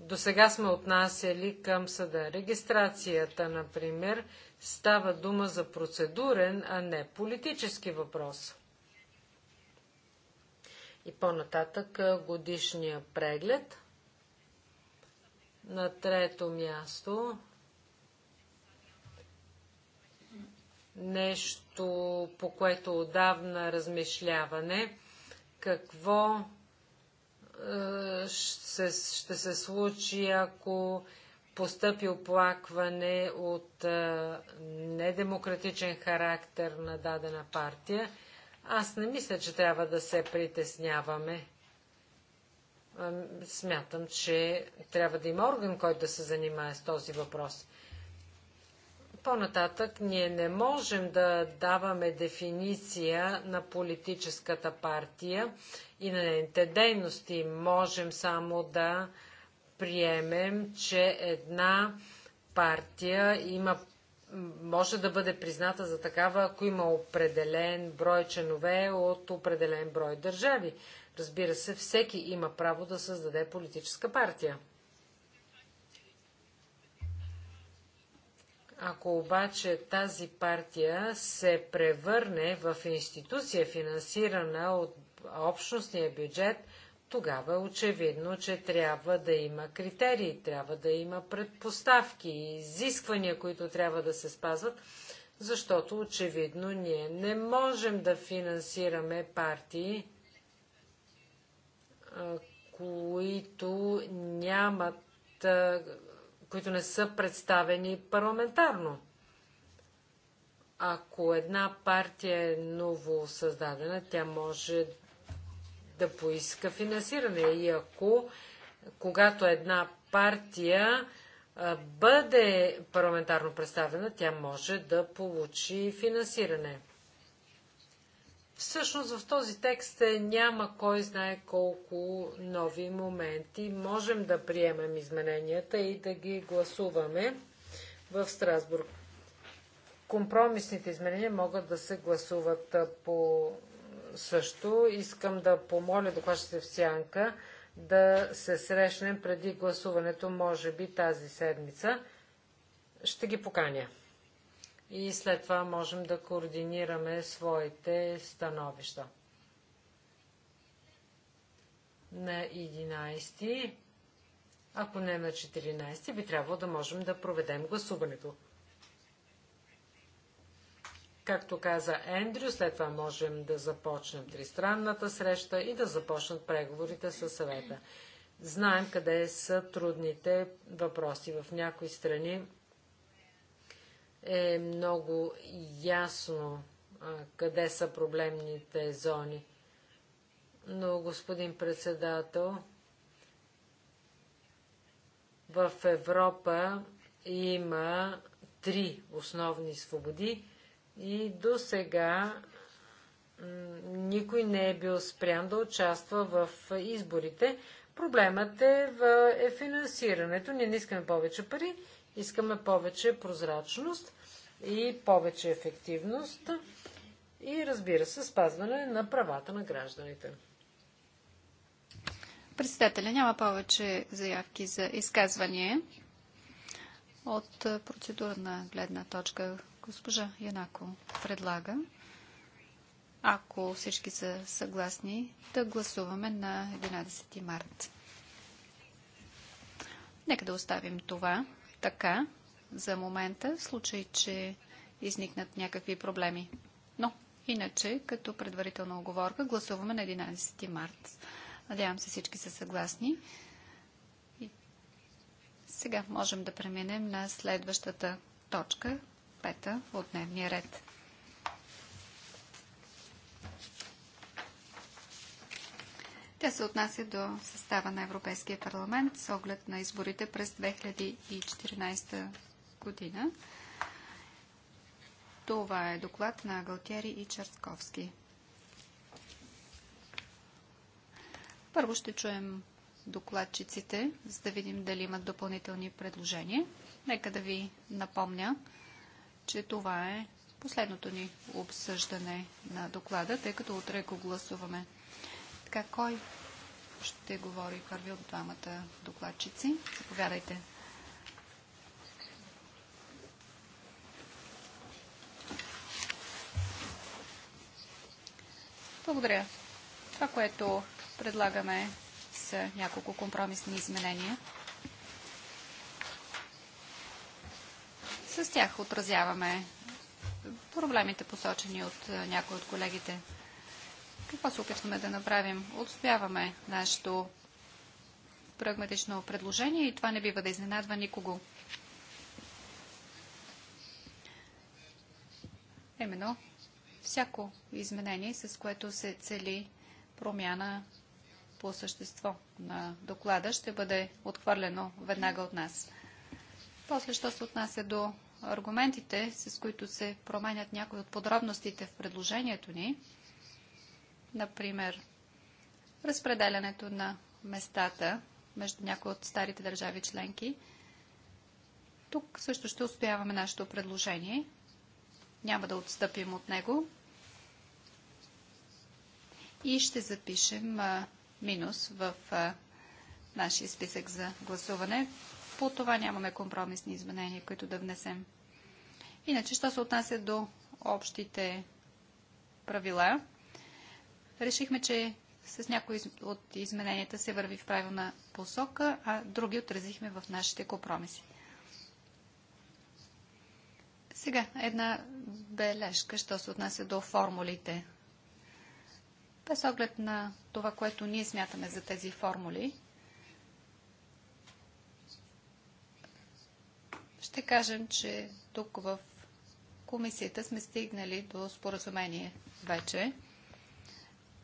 [SPEAKER 3] до сега сме отнасяли към съда. Регистрацията, например, става дума за процедурен, а не политически въпрос. И по-нататък годишния преглед. На трето място нещо, по което отдавна размишляване. Какво е, ще, ще се случи, ако постъпи оплакване от е, недемократичен характер на дадена партия? Аз не мисля, че трябва да се притесняваме. Смятам, че трябва да има орган, който да се занимае с този въпрос. По-нататък ние не можем да даваме дефиниция на политическата партия и на нейните дейности. Можем само да приемем, че една партия има, може да бъде призната за такава, ако има определен брой членове от определен брой държави. Разбира се, всеки има право да създаде политическа партия. Ако обаче тази партия се превърне в институция, финансирана от общностния бюджет, тогава е очевидно, че трябва да има критерии, трябва да има предпоставки и изисквания, които трябва да се спазват, защото очевидно ние не можем да финансираме партии, които нямат които не са представени парламентарно. Ако една партия е ново създадена, тя може да поиска финансиране. И ако, когато една партия бъде парламентарно представена, тя може да получи финансиране. Всъщност в този текст е, няма кой знае колко нови моменти. Можем да приемем измененията и да ги гласуваме в Страсбург. Компромисните изменения могат да се гласуват по също. Искам да помоля докладчите в сянка да се срещнем преди гласуването, може би тази седмица. Ще ги поканя и след това можем да координираме своите становища. На 11, ако не на 14, би трябвало да можем да проведем гласуването. Както каза Ендрю, след това можем да започнем тристранната среща и да започнат преговорите със съвета. Знаем къде са трудните въпроси. В някои страни е много ясно къде са проблемните зони. Но, господин председател, в Европа има три основни свободи и до сега никой не е бил спрян да участва в изборите. Проблемът е, в, е финансирането. Ние не искаме повече пари, Искаме повече прозрачност и повече ефективност и разбира се, спазване на правата на гражданите.
[SPEAKER 4] Председателя, няма повече заявки за изказвания От процедурна гледна точка госпожа Янако предлага, ако всички са съгласни, да гласуваме на 11 март. Нека да оставим това така за момента, в случай, че изникнат някакви проблеми. Но, иначе, като предварителна оговорка, гласуваме на 11 март. Надявам се всички са съгласни. И сега можем да преминем на следващата точка, пета от дневния ред. Тя се отнася до състава на Европейския парламент с оглед на изборите през 2014 година. Това е доклад на Галтери и Чарсковски. Първо ще чуем докладчиците, за да видим дали имат допълнителни предложения. Нека да ви напомня, че това е последното ни обсъждане на доклада, тъй като утре го гласуваме така, кой ще говори първи от двамата докладчици? Заповядайте. Благодаря. Това, което предлагаме са няколко компромисни изменения. С тях отразяваме проблемите посочени от някои от колегите. Какво се опитваме да направим? Отстояваме нашето прагматично предложение и това не бива да изненадва никого. Именно всяко изменение, с което се цели промяна по същество на доклада, ще бъде отхвърлено веднага от нас. После, що се отнася до аргументите, с които се променят някои от подробностите в предложението ни, Например, разпределянето на местата между някои от старите държави членки. Тук също ще успяваме нашето предложение. Няма да отстъпим от него. И ще запишем а, минус в а, нашия списък за гласуване. По това нямаме компромисни изменения, които да внесем. Иначе, що се отнася до общите правила, решихме, че с някои от измененията се върви в правилна посока, а други отразихме в нашите компромиси. Сега една бележка, що се отнася до формулите. Без оглед на това, което ние смятаме за тези формули, ще кажем, че тук в комисията сме стигнали до споразумение вече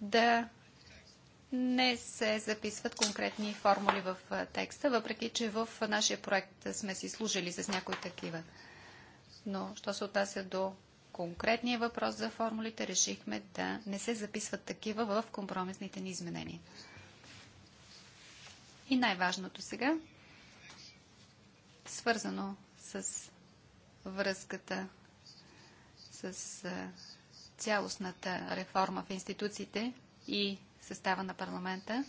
[SPEAKER 4] да не се записват конкретни формули в текста, въпреки че в нашия проект сме си служили с някои такива. Но, що се отнася до конкретния въпрос за формулите, решихме да не се записват такива в компромисните ни изменения. И най-важното сега, свързано с връзката с цялостната реформа в институциите и състава на парламента,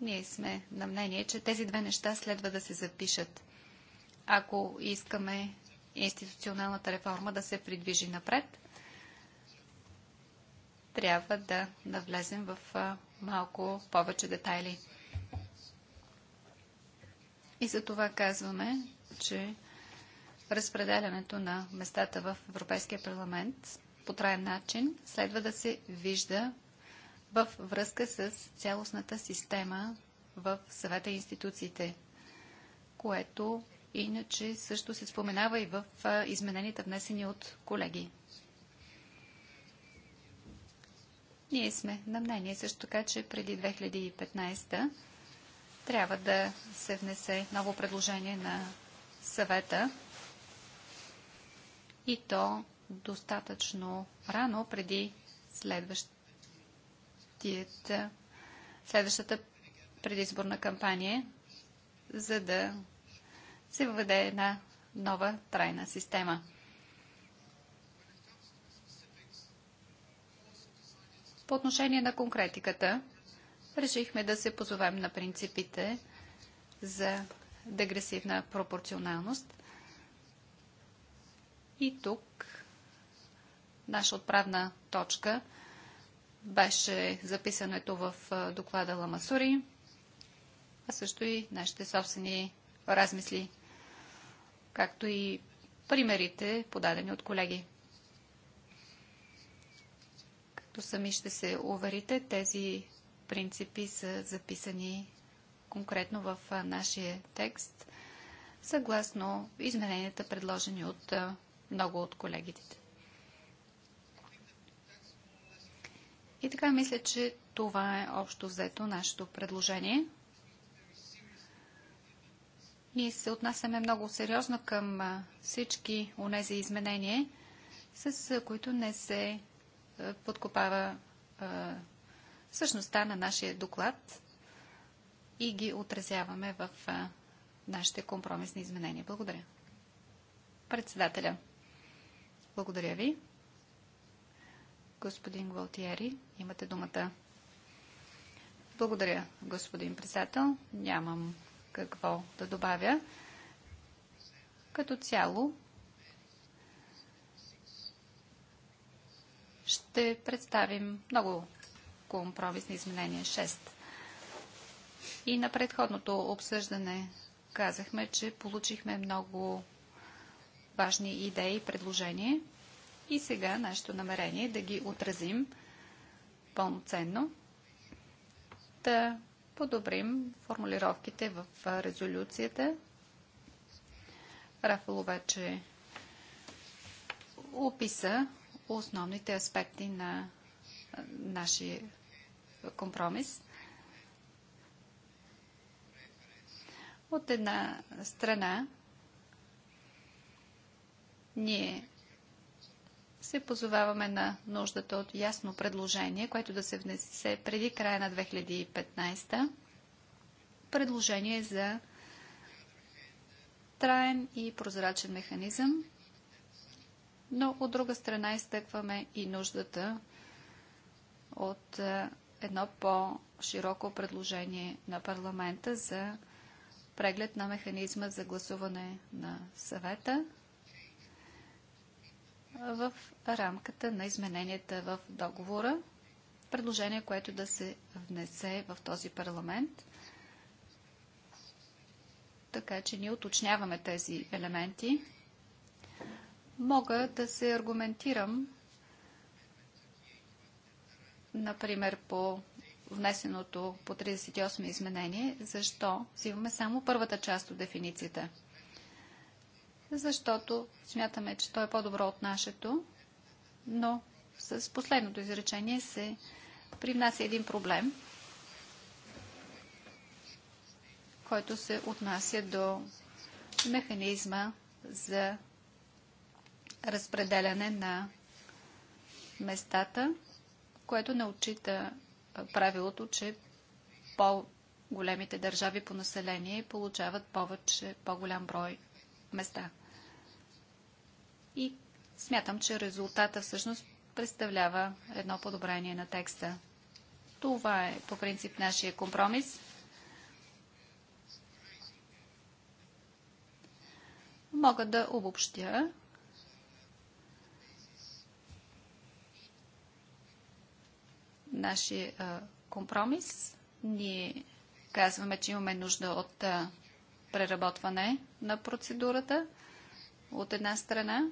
[SPEAKER 4] ние сме на мнение, че тези две неща следва да се запишат, ако искаме институционалната реформа да се придвижи напред. Трябва да навлезем в малко повече детайли. И за това казваме, че разпределянето на местата в Европейския парламент по траен начин следва да се вижда в връзка с цялостната система в съвета и институциите, което иначе също се споменава и в измененията внесени от колеги. Ние сме на мнение също така, че преди 2015 трябва да се внесе ново предложение на съвета и то достатъчно рано преди следващата предизборна кампания, за да се въведе една нова трайна система. По отношение на конкретиката, решихме да се позовем на принципите за дегресивна пропорционалност – и тук наша отправна точка беше записането в доклада Ламасури, а също и нашите собствени размисли, както и примерите, подадени от колеги. Както сами ще се уверите, тези принципи са записани конкретно в нашия текст, съгласно измененията, предложени от много от колегите. И така мисля, че това е общо взето нашето предложение. Ние се отнасяме много сериозно към всички онези изменения, с които не се подкопава същността на нашия доклад и ги отразяваме в нашите компромисни изменения. Благодаря. Председателя. Благодаря ви. Господин Гвалтиери, имате думата. Благодаря, господин председател. Нямам какво да добавя. Като цяло ще представим много компромисни изменения 6. И на предходното обсъждане казахме, че получихме много важни идеи и предложения. И сега нашето намерение е да ги отразим пълноценно, да подобрим формулировките в резолюцията. Рафало вече описа основните аспекти на нашия компромис. От една страна ние се позоваваме на нуждата от ясно предложение, което да се внесе преди края на 2015. Предложение за траен и прозрачен механизъм, но от друга страна изтъкваме и нуждата от едно по-широко предложение на парламента за преглед на механизма за гласуване на съвета в рамката на измененията в договора. Предложение, което да се внесе в този парламент. Така че ние уточняваме тези елементи. Мога да се аргументирам, например, по внесеното по 38 изменение, защо взимаме само първата част от дефиницията – защото смятаме, че то е по-добро от нашето, но с последното изречение се привнася един проблем, който се отнася до механизма за разпределяне на местата, което не отчита правилото, че по-големите държави по население получават повече, по-голям брой места. И смятам, че резултата всъщност представлява едно подобрение на текста. Това е по принцип нашия компромис. Мога да обобщя. Нашия компромис. Ние казваме, че имаме нужда от преработване на процедурата от една страна,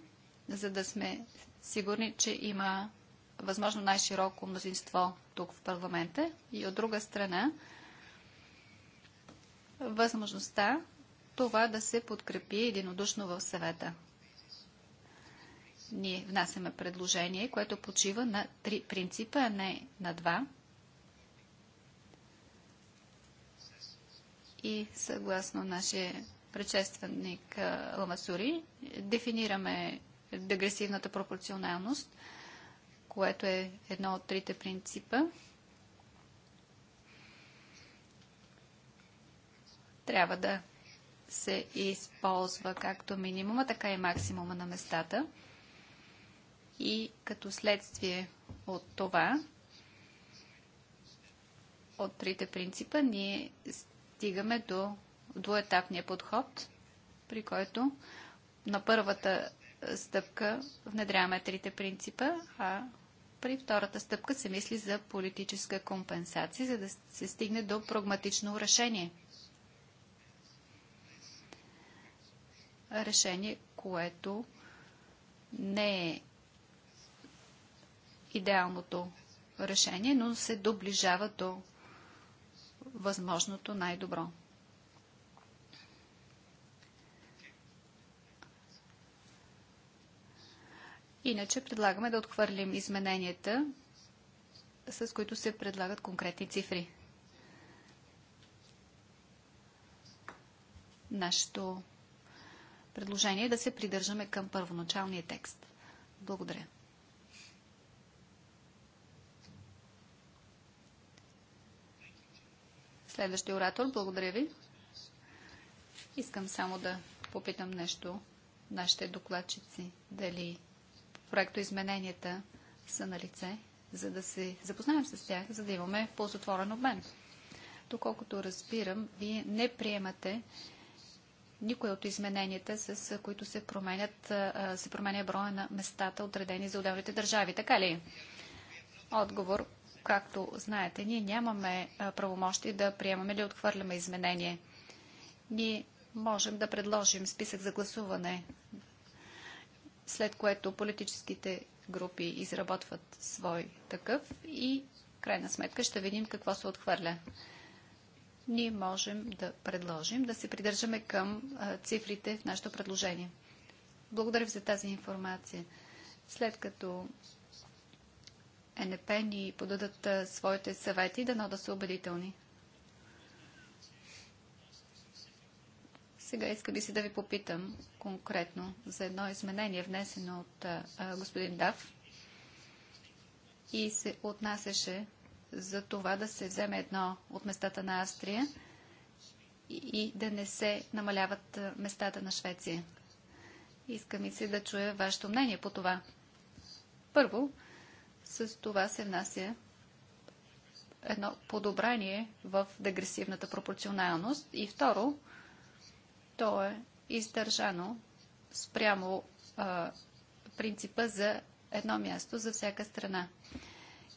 [SPEAKER 4] за да сме сигурни, че има възможно най-широко мнозинство тук в парламента и от друга страна възможността това да се подкрепи единодушно в съвета. Ние внасяме предложение, което почива на три принципа, а не на два – и съгласно нашия предшественик Ламасури, дефинираме дегресивната пропорционалност, което е едно от трите принципа. Трябва да се използва както минимума, така и максимума на местата. И като следствие от това, от трите принципа, ние стигаме до двуетапния подход, при който на първата стъпка внедряваме трите принципа, а при втората стъпка се мисли за политическа компенсация, за да се стигне до прагматично решение. Решение, което не е идеалното решение, но се доближава до възможното най-добро. Иначе предлагаме да отхвърлим измененията, с които се предлагат конкретни цифри. Нашето предложение е да се придържаме към първоначалния текст. Благодаря. Следващия оратор, благодаря ви. Искам само да попитам нещо нашите докладчици. Дали проекто измененията са на лице, за да се запознаем с тях, за да имаме ползотворен обмен. Доколкото разбирам, вие не приемате никой от измененията, с които се, променят, се променя броя на местата, отредени за отделните държави. Така ли? Отговор Както знаете, ние нямаме правомощи да приемаме или отхвърляме изменение. Ние можем да предложим списък за гласуване, след което политическите групи изработват свой такъв и крайна сметка ще видим какво се отхвърля. Ние можем да предложим да се придържаме към цифрите в нашето предложение. Благодаря ви за тази информация. След като НП ни подадат своите съвети, дано да са убедителни. Сега иска би се да ви попитам конкретно за едно изменение, внесено от а, господин Дав и се отнасяше за това да се вземе едно от местата на Австрия и да не се намаляват местата на Швеция. Искам и се да чуя вашето мнение по това. Първо, с това се внася едно подобрение в дегресивната пропорционалност. И второ, то е издържано спрямо а, принципа за едно място за всяка страна.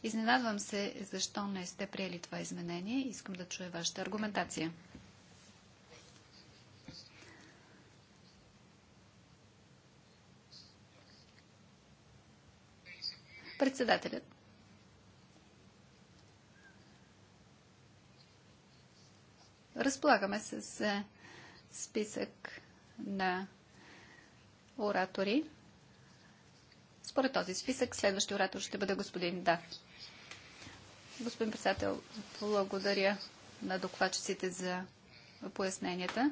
[SPEAKER 4] Изненадвам се, защо не сте приели това изменение. Искам да чуя вашата аргументация. Председателят. Разполагаме с е, списък на оратори. Според този списък следващия оратор ще бъде господин Дав. Господин председател, благодаря на докладчиците за поясненията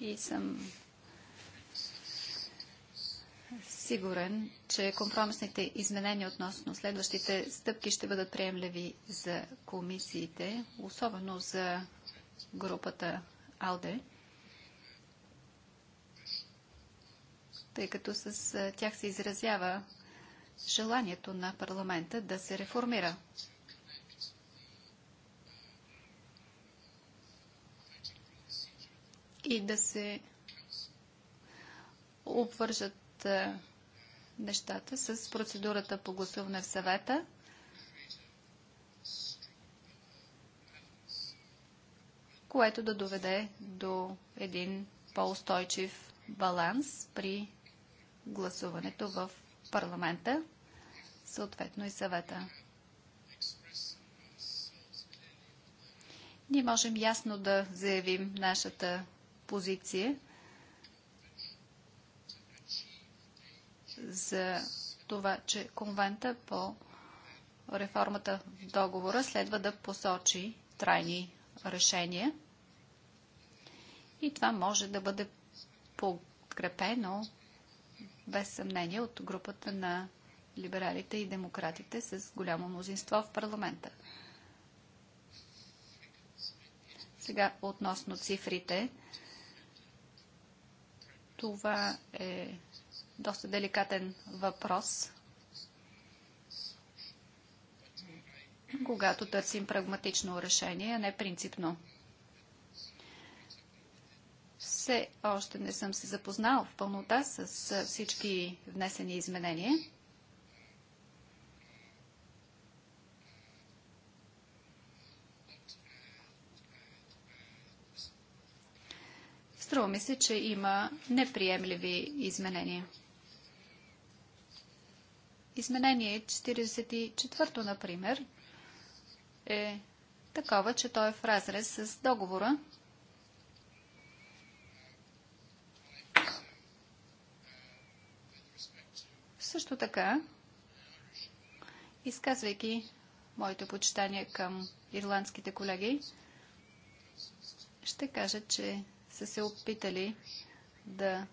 [SPEAKER 4] и съм сигурен, че компромисните изменения относно следващите стъпки ще бъдат приемливи за комисиите, особено за групата АЛДЕ, тъй като с тях се изразява желанието на парламента да се реформира. И да се обвържат нещата с процедурата по гласуване в съвета. което да доведе до един по-устойчив баланс при гласуването в парламента, съответно и съвета. Ние можем ясно да заявим нашата позиция – за това, че конвента по реформата в договора следва да посочи трайни решения. И това може да бъде подкрепено без съмнение от групата на либералите и демократите с голямо мнозинство в парламента. Сега относно цифрите. Това е доста деликатен въпрос, когато търсим прагматично решение, а не принципно. Все още не съм се запознал в пълнота с всички внесени изменения. Струва ми се, че има неприемливи изменения. Изменение 44, например, е такова, че той е в разрез с договора. Също така, изказвайки моите почитания към ирландските колеги, ще кажа, че са се опитали да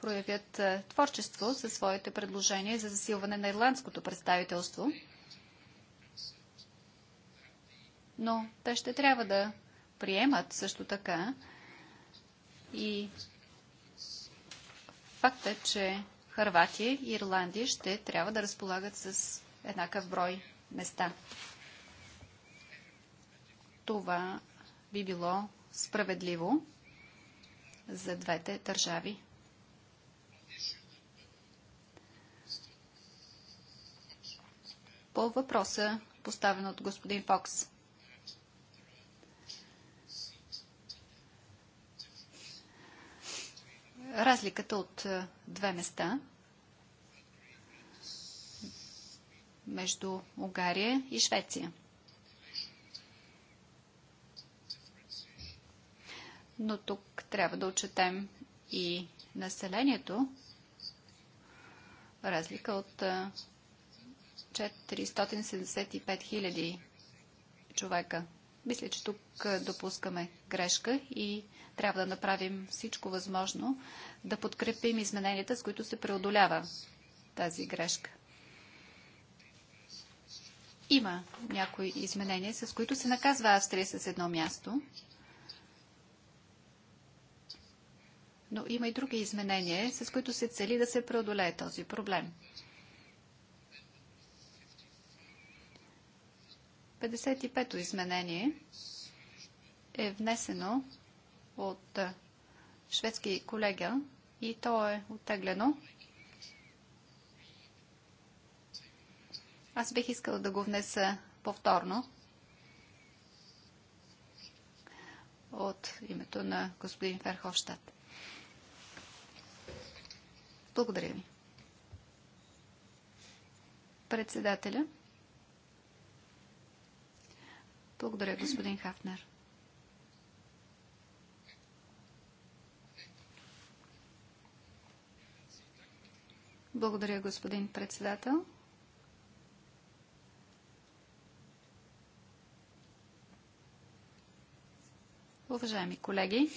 [SPEAKER 4] проявят е, творчество със своите предложения за засилване на ирландското представителство. Но те ще трябва да приемат също така и факта, че Харватия и Ирландия ще трябва да разполагат с еднакъв брой места. Това би било справедливо за двете държави по въпроса, поставен от господин Фокс. Разликата от е, две места между Угария и Швеция. Но тук трябва да отчетем и населението, разлика от е, 475 хиляди човека. Мисля, че тук допускаме грешка и трябва да направим всичко възможно да подкрепим измененията, с които се преодолява тази грешка. Има някои изменения, с които се наказва Австрия с едно място. Но има и други изменения, с които се цели да се преодолее този проблем. 55-то изменение е внесено от шведски колега и то е оттеглено. Аз бих искал да го внеса повторно от името на господин Ферховщад. Благодаря ви. Председателя благодаря, господин Хафнер. Благодаря, господин председател. Уважаеми колеги,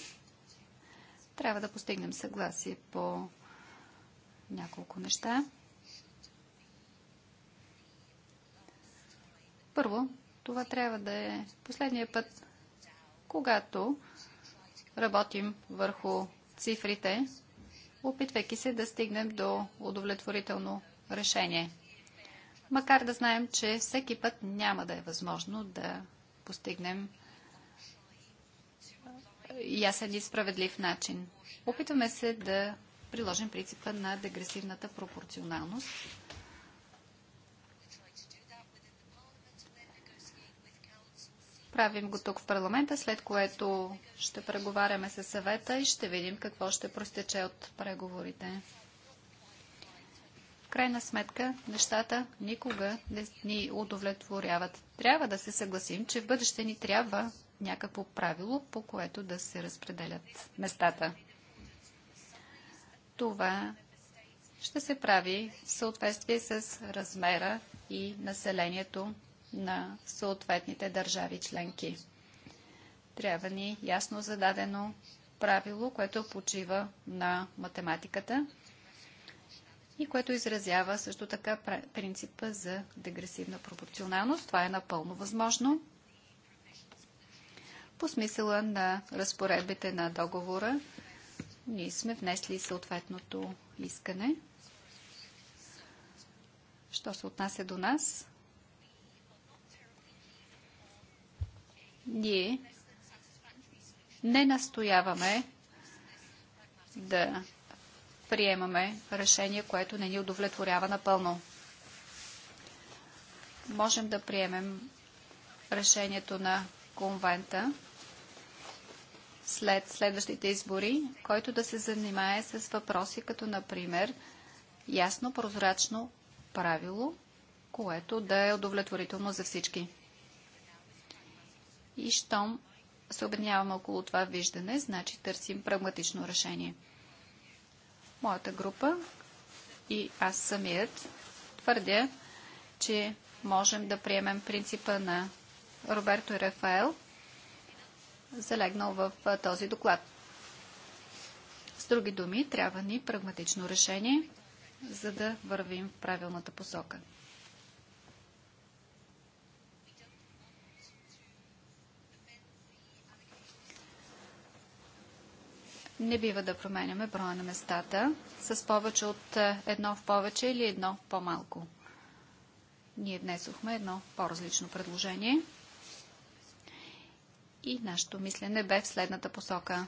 [SPEAKER 4] трябва да постигнем съгласие по няколко неща. Първо, това трябва да е последния път, когато работим върху цифрите, опитвайки се да стигнем до удовлетворително решение. Макар да знаем, че всеки път няма да е възможно да постигнем ясен и справедлив начин. Опитваме се да приложим принципа на дегресивната пропорционалност Правим го тук в парламента, след което ще преговаряме със съвета и ще видим какво ще простече от преговорите. В крайна сметка, нещата никога не ни удовлетворяват. Трябва да се съгласим, че в бъдеще ни трябва някакво правило, по което да се разпределят местата. Това ще се прави в съответствие с размера и населението на съответните държави членки. Трябва ни ясно зададено правило, което почива на математиката и което изразява също така принципа за дегресивна пропорционалност. Това е напълно възможно. По смисъла на разпоредбите на договора, ние сме внесли съответното искане. Що се отнася до нас, Ние не настояваме да приемаме решение, което не ни удовлетворява напълно. Можем да приемем решението на конвента след следващите избори, който да се занимае с въпроси като, например, ясно прозрачно правило, което да е удовлетворително за всички. И щом се обедняваме около това виждане, значи търсим прагматично решение. Моята група и аз самият твърдя, че можем да приемем принципа на Роберто и Рафаел, залегнал в този доклад. С други думи, трябва ни прагматично решение, за да вървим в правилната посока. Не бива да променяме броя на местата с повече от е, едно в повече или едно в по-малко. Ние внесохме едно по-различно предложение и нашето мислене бе в следната посока.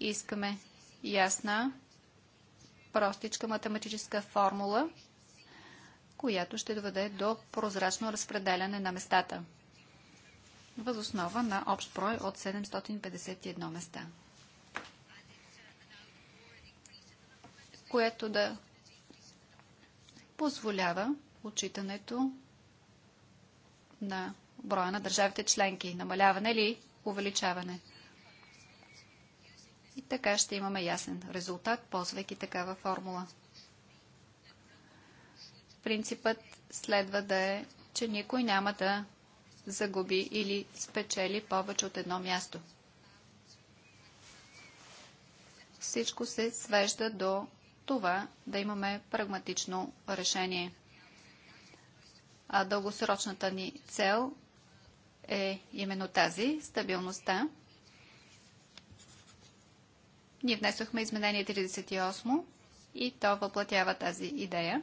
[SPEAKER 4] Искаме ясна, простичка математическа формула, която ще доведе до прозрачно разпределяне на местата възоснова на общ брой от 751 места. Което да позволява отчитането на броя на държавите членки, намаляване или увеличаване. И така ще имаме ясен резултат, ползвайки такава формула. Принципът следва да е, че никой няма да загуби или спечели повече от едно място. Всичко се свежда до това да имаме прагматично решение. А дългосрочната ни цел е именно тази стабилността. Ние внесохме изменение 38 и то въплатява тази идея.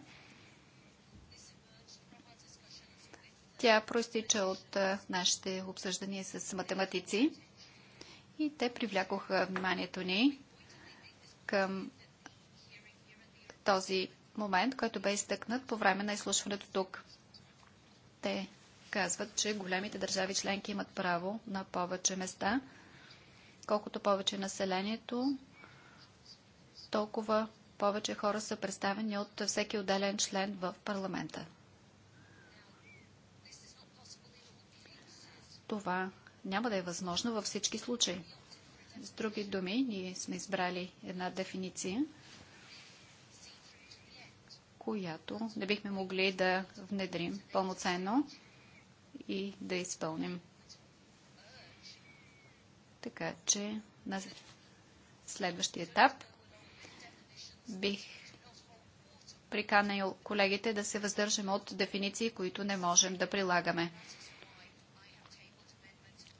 [SPEAKER 4] Тя проистича от нашите обсъждания с математици и те привлякоха вниманието ни към този момент, който бе изтъкнат по време на изслушването тук. Те казват, че големите държави членки имат право на повече места. Колкото повече населението, толкова повече хора са представени от всеки отделен член в парламента. това няма да е възможно във всички случаи. С други думи, ние сме избрали една дефиниция, която не бихме могли да внедрим пълноценно и да изпълним. Така че на следващия етап бих приканил колегите да се въздържим от дефиниции, които не можем да прилагаме.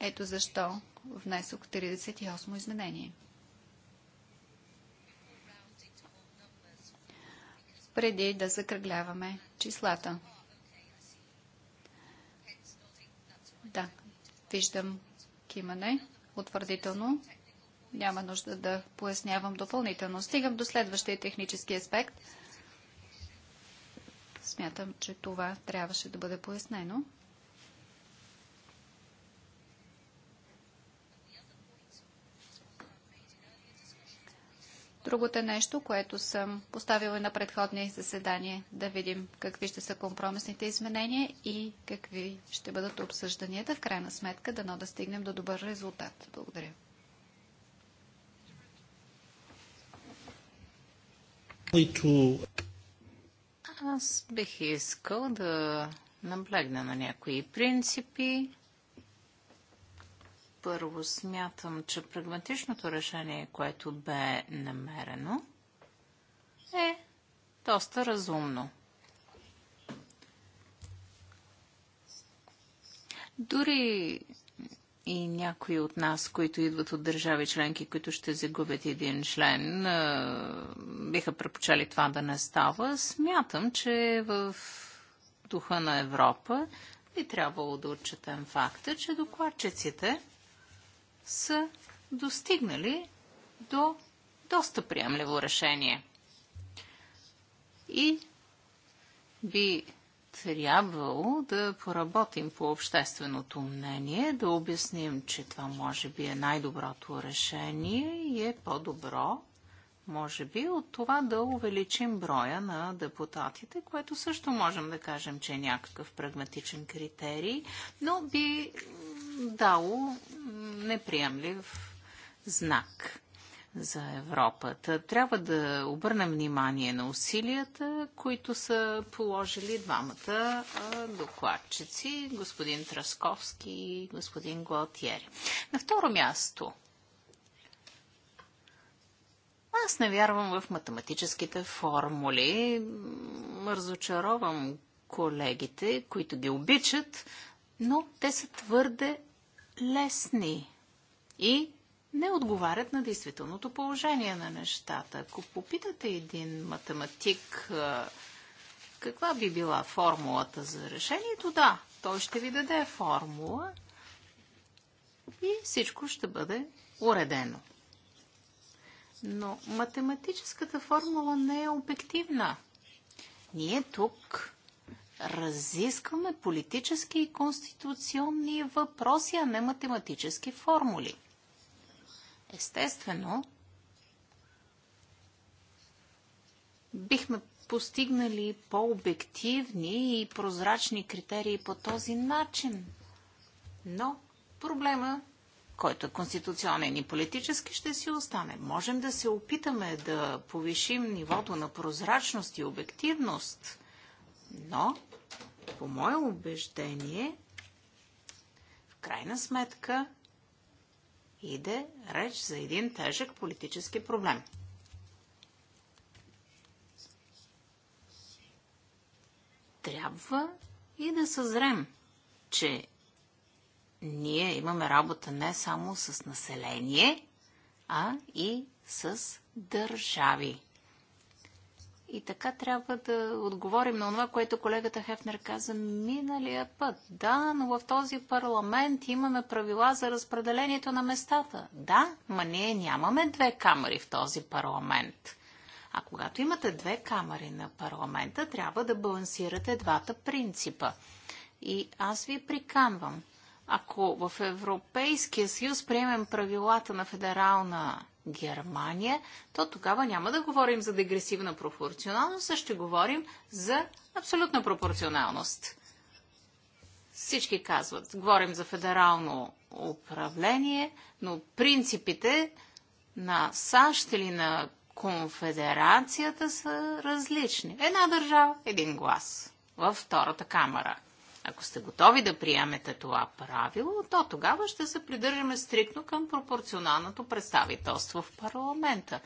[SPEAKER 4] Ето защо внесох 38 изменение. Преди да закръгляваме числата. Да, виждам кимане утвърдително. Няма нужда да пояснявам допълнително. Стигам до следващия технически аспект. Смятам, че това трябваше да бъде пояснено. Другото е нещо, което съм поставила на предходни заседания, да видим какви ще са компромисните изменения и какви ще бъдат обсъжданията. В крайна сметка, дано да стигнем до добър резултат. Благодаря.
[SPEAKER 5] Аз бих искал да наблегна на някои принципи, първо смятам, че прагматичното решение, което бе намерено, е доста разумно. Дори и някои от нас, които идват от държави членки, които ще загубят един член, биха препочели това да не става. Смятам, че в духа на Европа би трябвало да отчетем факта, че докладчиците са достигнали до доста приемливо решение. И би трябвало да поработим по общественото мнение, да обясним, че това може би е най-доброто решение и е по-добро, може би, от това да увеличим броя на депутатите, което също можем да кажем, че е някакъв прагматичен критерий, но би дало неприемлив знак за Европата. Трябва да обърнем внимание на усилията, които са положили двамата докладчици, господин Трасковски и господин Гуалтиери. На второ място, аз не вярвам в математическите формули. Разочаровам колегите, които ги обичат, но те са твърде лесни и не отговарят на действителното положение на нещата. Ако попитате един математик каква би била формулата за решението, да, той ще ви даде формула и всичко ще бъде уредено. Но математическата формула не е обективна. Ние тук разискваме политически и конституционни въпроси, а не математически формули. Естествено, бихме постигнали по-обективни и прозрачни критерии по този начин. Но проблема, който е конституционен и политически, ще си остане. Можем да се опитаме да повишим нивото на прозрачност и обективност – но, по мое убеждение, в крайна сметка иде реч за един тежък политически проблем. Трябва и да съзрем, че ние имаме работа не само с население, а и с държави. И така трябва да отговорим на това, което колегата Хефнер каза миналия път. Да, но в този парламент имаме правила за разпределението на местата. Да, ма ние нямаме две камери в този парламент. А когато имате две камери на парламента, трябва да балансирате двата принципа. И аз ви приканвам, ако в Европейския съюз приемем правилата на федерална Германия, то тогава няма да говорим за дегресивна пропорционалност, а ще говорим за абсолютна пропорционалност. Всички казват, говорим за федерално управление, но принципите на САЩ или на конфедерацията са различни. Една държава, един глас във втората камера – ако сте готови да приемете това правило, то тогава ще се придържаме стрикно към пропорционалното представителство в парламента.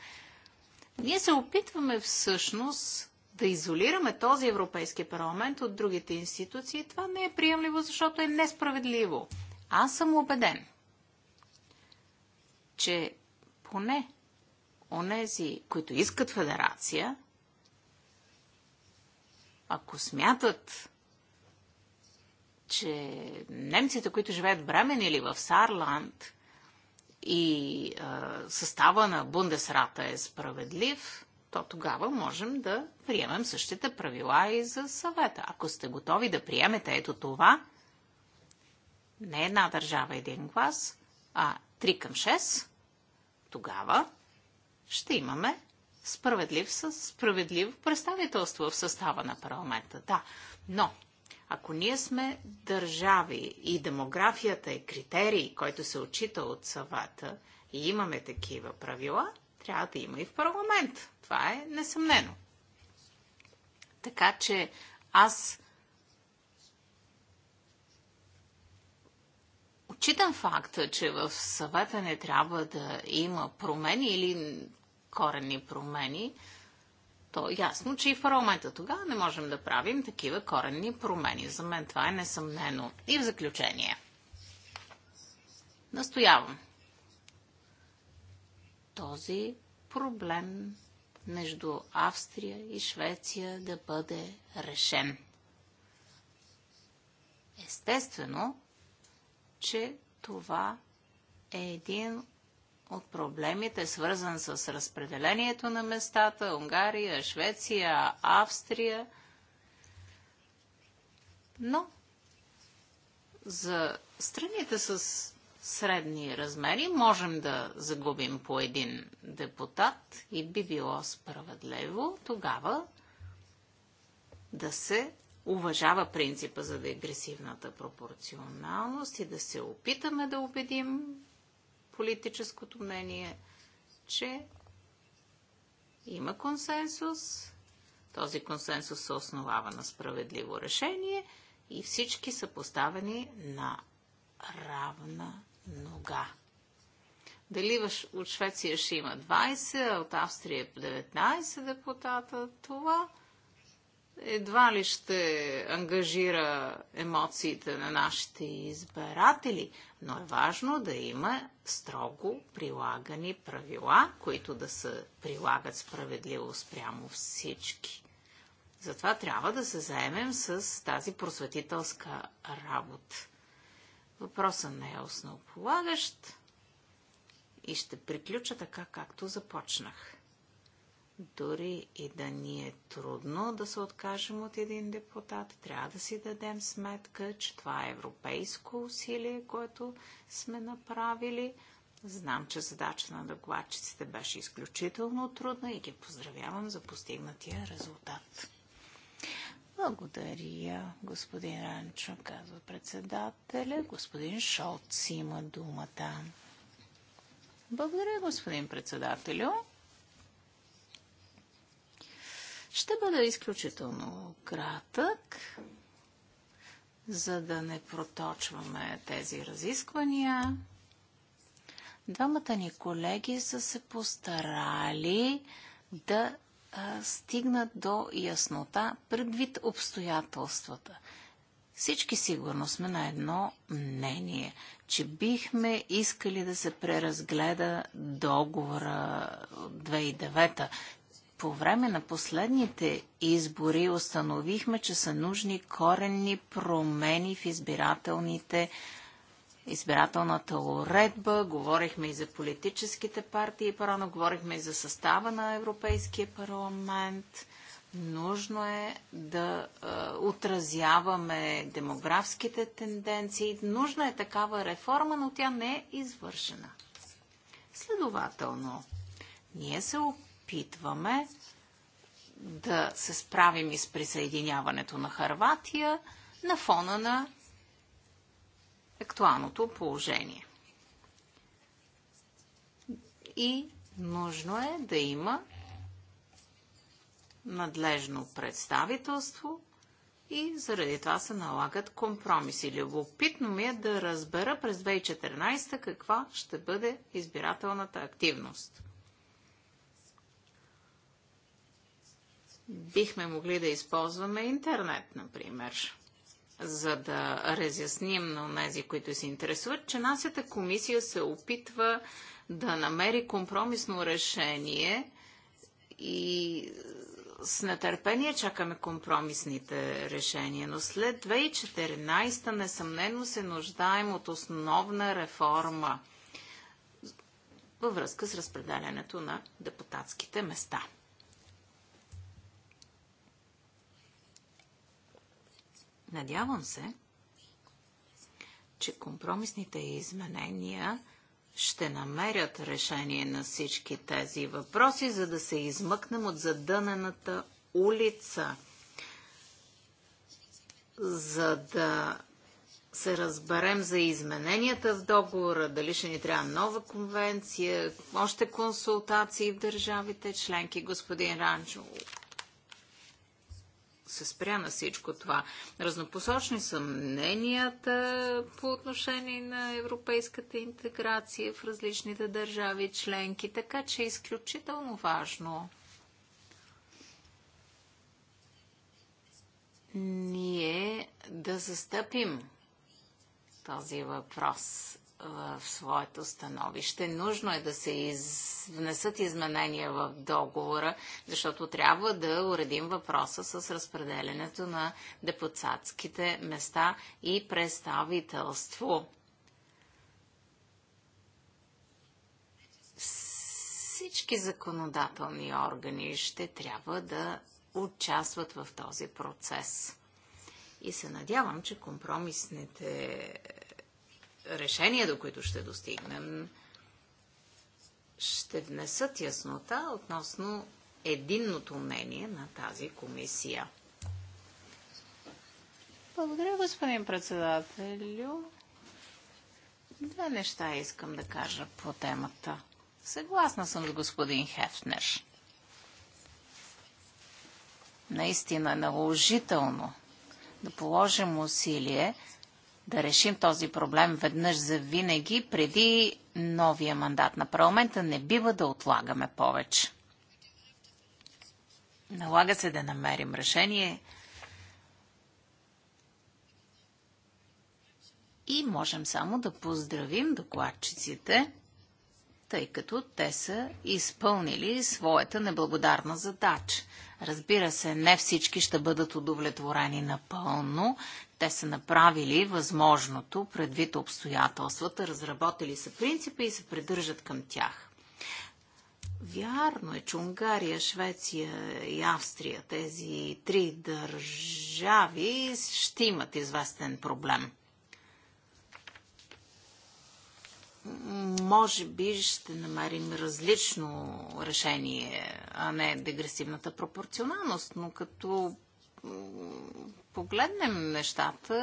[SPEAKER 5] Ние се опитваме всъщност да изолираме този Европейски парламент от другите институции. Това не е приемливо, защото е несправедливо. Аз съм убеден, че поне онези, които искат федерация, ако смятат, че немците, които живеят в Бремен или в Сарланд и а, състава на Бундесрата е справедлив, то тогава можем да приемем същите правила и за съвета. Ако сте готови да приемете ето това, не една държава един глас, а 3 към 6, тогава ще имаме справедлив, справедлив представителство в състава на парламента. Да, но ако ние сме държави и демографията е критерий, който се отчита от съвата и имаме такива правила, трябва да има и в парламент. Това е несъмнено. Така че аз отчитам факта, че в съвета не трябва да има промени или корени промени, то е ясно, че и в парламента тогава не можем да правим такива коренни промени. За мен това е несъмнено. И в заключение. Настоявам. Този проблем между Австрия и Швеция да бъде решен. Естествено, че това е един от проблемите, свързан с разпределението на местата, Унгария, Швеция, Австрия. Но за страните с средни размери можем да загубим по един депутат и би било справедливо тогава да се уважава принципа за дегресивната пропорционалност и да се опитаме да убедим политическото мнение, че има консенсус, този консенсус се основава на справедливо решение и всички са поставени на равна нога. Дали от Швеция ще има 20, а от Австрия 19 депутата, това – едва ли ще ангажира емоциите на нашите избиратели, но е важно да има строго прилагани правила, които да се прилагат справедливо спрямо всички. Затова трябва да се заемем с тази просветителска работа. Въпросът не е основополагащ и ще приключа така, както започнах дори и да ни е трудно да се откажем от един депутат, трябва да си дадем сметка, че това е европейско усилие, което сме направили. Знам, че задача на докладчиците беше изключително трудна и ги поздравявам за постигнатия резултат. Благодаря, господин Ранчо, казва председателя. Господин Шолц има думата. Благодаря, господин председателю. Ще бъда изключително кратък, за да не проточваме тези разисквания. Двамата ни колеги са се постарали да стигнат до яснота предвид обстоятелствата. Всички сигурно сме на едно мнение, че бихме искали да се преразгледа договора 2009 по време на последните избори установихме, че са нужни коренни промени в избирателните избирателната уредба, говорихме и за политическите партии, парано, говорихме и за състава на Европейския парламент. Нужно е да е, отразяваме демографските тенденции. Нужна е такава реформа, но тя не е извършена. Следователно, ние се опитваме да се справим и с присъединяването на Харватия на фона на актуалното положение. И нужно е да има надлежно представителство и заради това се налагат компромиси. Любопитно ми е да разбера през 2014 каква ще бъде избирателната активност. бихме могли да използваме интернет, например, за да разясним на тези, които се интересуват, че нашата комисия се опитва да намери компромисно решение и с нетърпение чакаме компромисните решения, но след 2014 та несъмнено се нуждаем от основна реформа във връзка с разпределянето на депутатските места. Надявам се, че компромисните изменения ще намерят решение на всички тези въпроси, за да се измъкнем от задънената улица, за да се разберем за измененията в договора, дали ще ни трябва нова конвенция, още консултации в държавите членки. Господин Ранчо се спря на всичко това. Разнопосочни са мненията по отношение на европейската интеграция в различните държави членки, така че е изключително важно ние да застъпим този въпрос в своето становище. Нужно е да се из... внесат изменения в договора, защото трябва да уредим въпроса с разпределенето на депутатските места и представителство. Всички законодателни органи ще трябва да участват в този процес. И се надявам, че компромисните решения, до които ще достигнем, ще внесат яснота относно единното мнение на тази комисия. Благодаря, господин председателю. Две неща искам да кажа по темата. Съгласна съм с господин Хефнер. Наистина е наложително да положим усилие да решим този проблем веднъж за винаги преди новия мандат на парламента. Не бива да отлагаме повече. Налага се да намерим решение и можем само да поздравим докладчиците – тъй като те са изпълнили своята неблагодарна задача. Разбира се, не всички ще бъдат удовлетворени напълно. Те са направили възможното предвид обстоятелствата, разработили са принципи и се придържат към тях. Вярно е, че Унгария, Швеция и Австрия, тези три държави, ще имат известен проблем – може би ще намерим различно решение, а не дегресивната пропорционалност, но като погледнем нещата,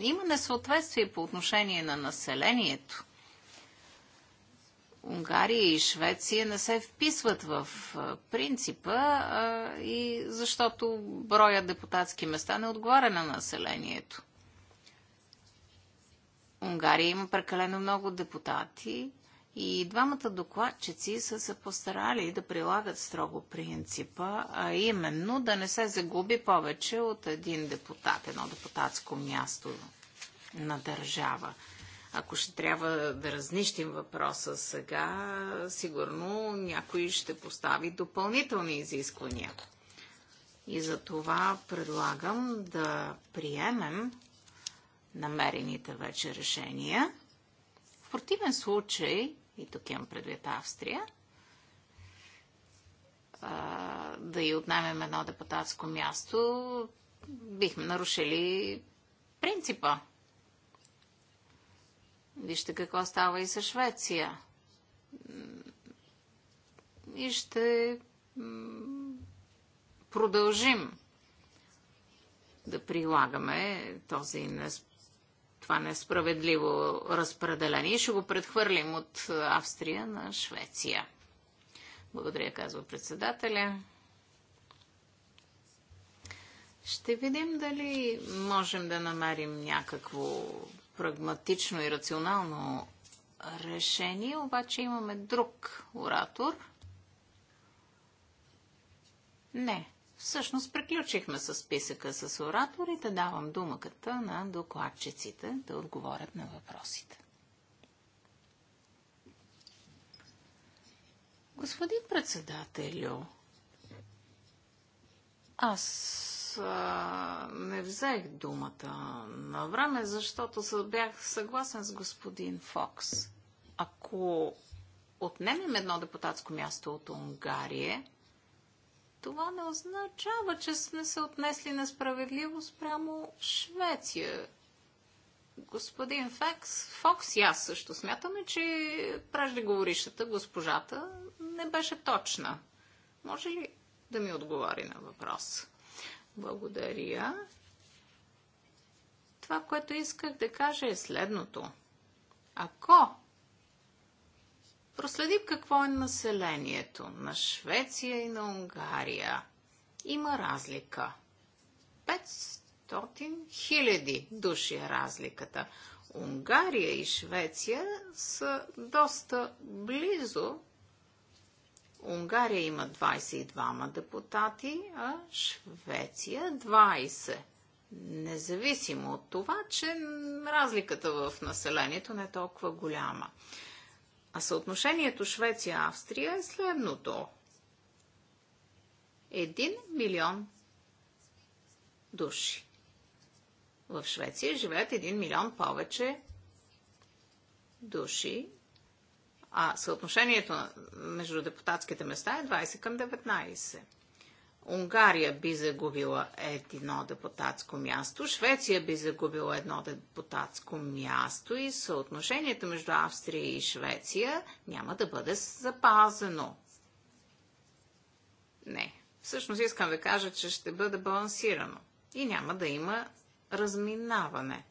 [SPEAKER 5] има несъответствие по отношение на населението. Унгария и Швеция не се вписват в принципа и защото броя депутатски места не отговаря на населението. Унгария има прекалено много депутати и двамата докладчици са се постарали да прилагат строго принципа, а именно да не се загуби повече от един депутат, едно депутатско място на държава. Ако ще трябва да разнищим въпроса сега, сигурно някой ще постави допълнителни изисквания. И за това предлагам да приемем намерените вече решения. В противен случай, и тук имам предвид Австрия, да и отнемем едно депутатско място, бихме нарушили принципа. Вижте какво става и със Швеция. И ще продължим да прилагаме този това несправедливо разпределение. Ще го предхвърлим от Австрия на Швеция. Благодаря, казва председателя. Ще видим дали можем да намерим някакво прагматично и рационално решение, обаче имаме друг оратор. Не, Всъщност приключихме с списъка с ораторите. Давам думата на докладчиците да отговорят на въпросите. Господин председателю, аз а, не взех думата на време, защото бях съгласен с господин Фокс. Ако отнемем едно депутатско място от Унгария, това не означава, че сме се отнесли несправедливо спрямо Швеция. Господин Фекс, Фокс и аз също смятаме, че преждеговорившата госпожата не беше точна. Може ли да ми отговори на въпрос? Благодаря. Това, което исках да кажа е следното. Ако проследим какво е населението на Швеция и на Унгария. Има разлика. 500 хиляди души е разликата. Унгария и Швеция са доста близо. Унгария има 22 депутати, а Швеция 20. Независимо от това, че разликата в населението не е толкова голяма. А съотношението Швеция-Австрия е следното. 1 милион души. В Швеция живеят 1 милион повече души, а съотношението между депутатските места е 20 към 19. Унгария би загубила едно депутатско място, Швеция би загубила едно депутатско място и съотношението между Австрия и Швеция няма да бъде запазено. Не. Всъщност искам да кажа, че ще бъде балансирано и няма да има разминаване.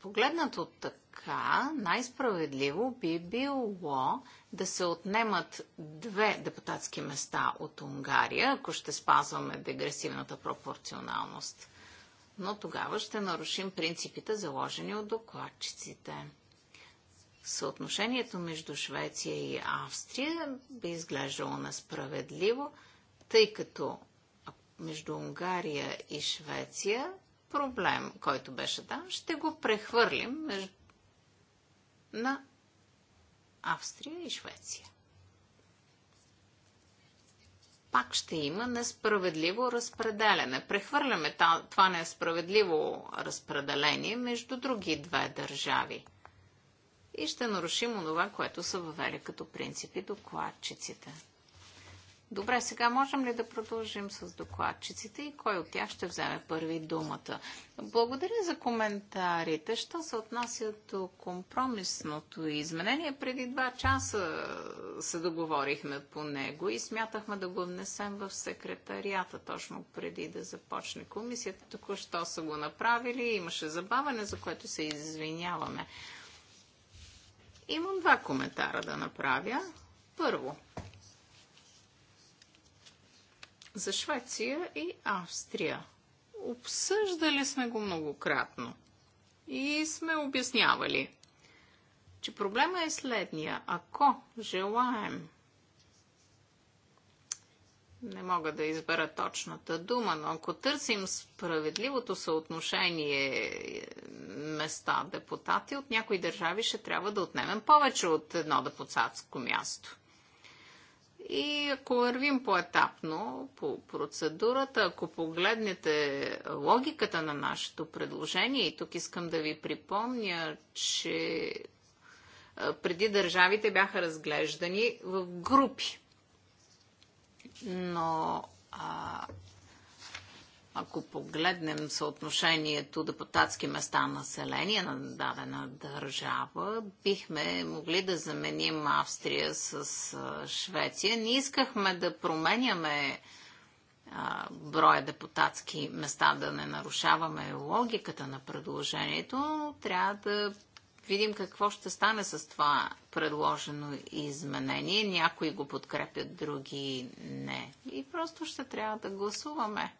[SPEAKER 5] Погледнат от така така най-справедливо би било да се отнемат две депутатски места от Унгария, ако ще спазваме дегресивната пропорционалност. Но тогава ще нарушим принципите, заложени от докладчиците. Съотношението между Швеция и Австрия би изглеждало несправедливо, тъй като между Унгария и Швеция проблем, който беше там, ще го прехвърлим между на Австрия и Швеция. Пак ще има несправедливо разпределяне. Прехвърляме това несправедливо разпределение между други две държави и ще нарушим онова, което са въвели като принципи докладчиците. Добре, сега можем ли да продължим с докладчиците и кой от тях ще вземе първи думата? Благодаря за коментарите. Що се отнася до компромисното изменение, преди два часа е, се договорихме по него и смятахме да го внесем в секретарията точно преди да започне комисията. Току-що са го направили, имаше забаване, за което се извиняваме. Имам два коментара да направя. Първо, за Швеция и Австрия. Обсъждали сме го многократно и сме обяснявали, че проблема е следния. Ако желаем, не мога да избера точната дума, но ако търсим справедливото съотношение места депутати, от някои държави ще трябва да отнемем повече от едно депутатско място – и ако вървим по-етапно по процедурата, ако погледнете логиката на нашето предложение, и тук искам да ви припомня, че преди държавите бяха разглеждани в групи. Но а, ако погледнем съотношението депутатски места население на дадена държава, бихме могли да заменим Австрия с Швеция. Не искахме да променяме броя депутатски места, да не нарушаваме логиката на предложението, трябва да видим какво ще стане с това предложено изменение. Някои го подкрепят, други не. И просто ще трябва да гласуваме.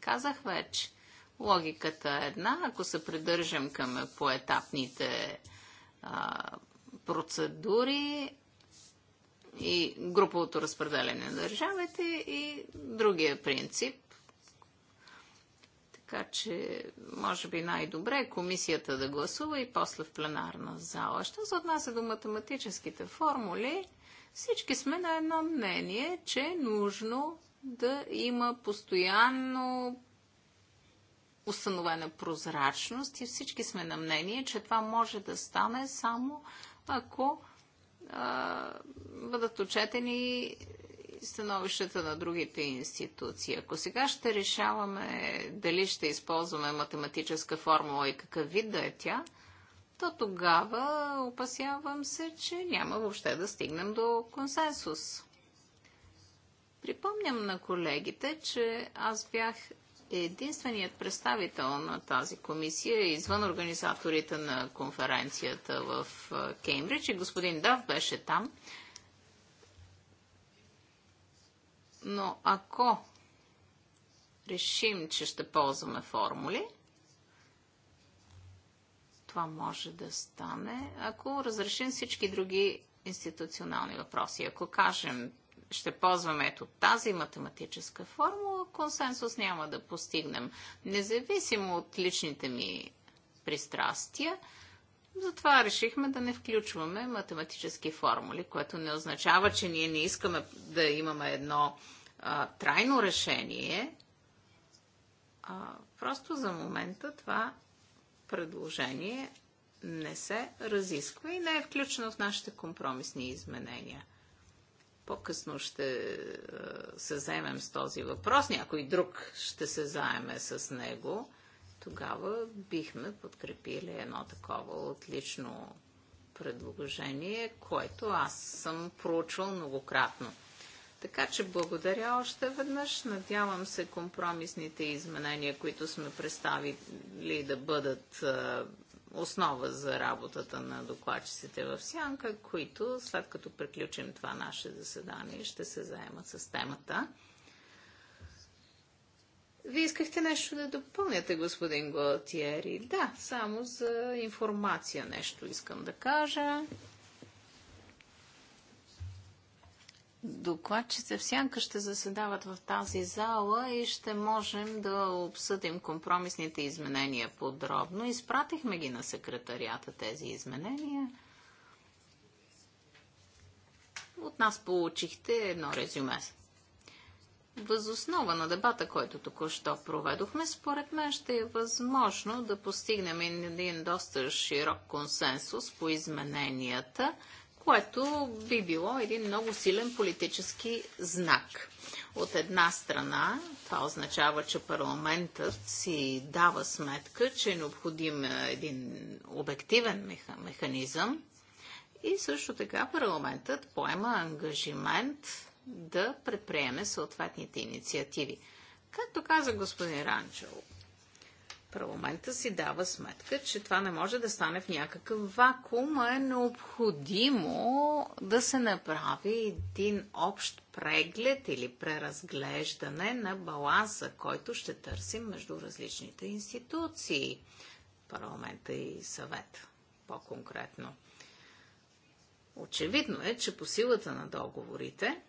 [SPEAKER 5] Казах вече, логиката е една, ако се придържам към поетапните а, процедури и груповото разпределение на държавите и другия принцип. Така че, може би най-добре е комисията да гласува и после в пленарна зала. Що се отнася до математическите формули, всички сме на едно мнение, че е нужно да има постоянно установена прозрачност и всички сме на мнение, че това може да стане само ако а, бъдат отчетени становищата на другите институции. Ако сега ще решаваме дали ще използваме математическа формула и какъв вид да е тя, то тогава опасявам се, че няма въобще да стигнем до консенсус. Припомням на колегите, че аз бях единственият представител на тази комисия извън организаторите на конференцията в Кеймбридж и господин Дав беше там. Но ако решим, че ще ползваме формули, това може да стане, ако разрешим всички други институционални въпроси. Ако кажем, ще ползваме ето тази математическа формула, консенсус няма да постигнем. Независимо от личните ми пристрастия, затова решихме да не включваме математически формули, което не означава, че ние не искаме да имаме едно а, трайно решение. А, просто за момента това предложение не се разисква и не е включено в нашите компромисни изменения. По-късно ще се заемем с този въпрос. Някой друг ще се заеме с него. Тогава бихме подкрепили едно такова отлично предложение, което аз съм проучвал многократно. Така че благодаря още веднъж. Надявам се компромисните изменения, които сме представили да бъдат основа за работата на докладчиците в Сянка, които след като приключим това наше заседание ще се заемат с темата. Вие искахте нещо да допълняте, господин Галтиери. Да, само за информация нещо искам да кажа. Докладчица в сянка ще заседават в тази зала и ще можем да обсъдим компромисните изменения подробно. Изпратихме ги на секретарията тези изменения. От нас получихте едно резюме. Възоснова на дебата, който току-що проведохме, според мен ще е възможно да постигнем един доста широк консенсус по измененията – което би било един много силен политически знак. От една страна, това означава, че парламентът си дава сметка, че е необходим един обективен механизъм и също така парламентът поема ангажимент да предприеме съответните инициативи. Както каза господин Ранчел, Парламента си дава сметка, че това не може да стане в някакъв вакуум, а е необходимо да се направи един общ преглед или преразглеждане на баланса, който ще търсим между различните институции, парламента и съвет по-конкретно. Очевидно е, че по силата на договорите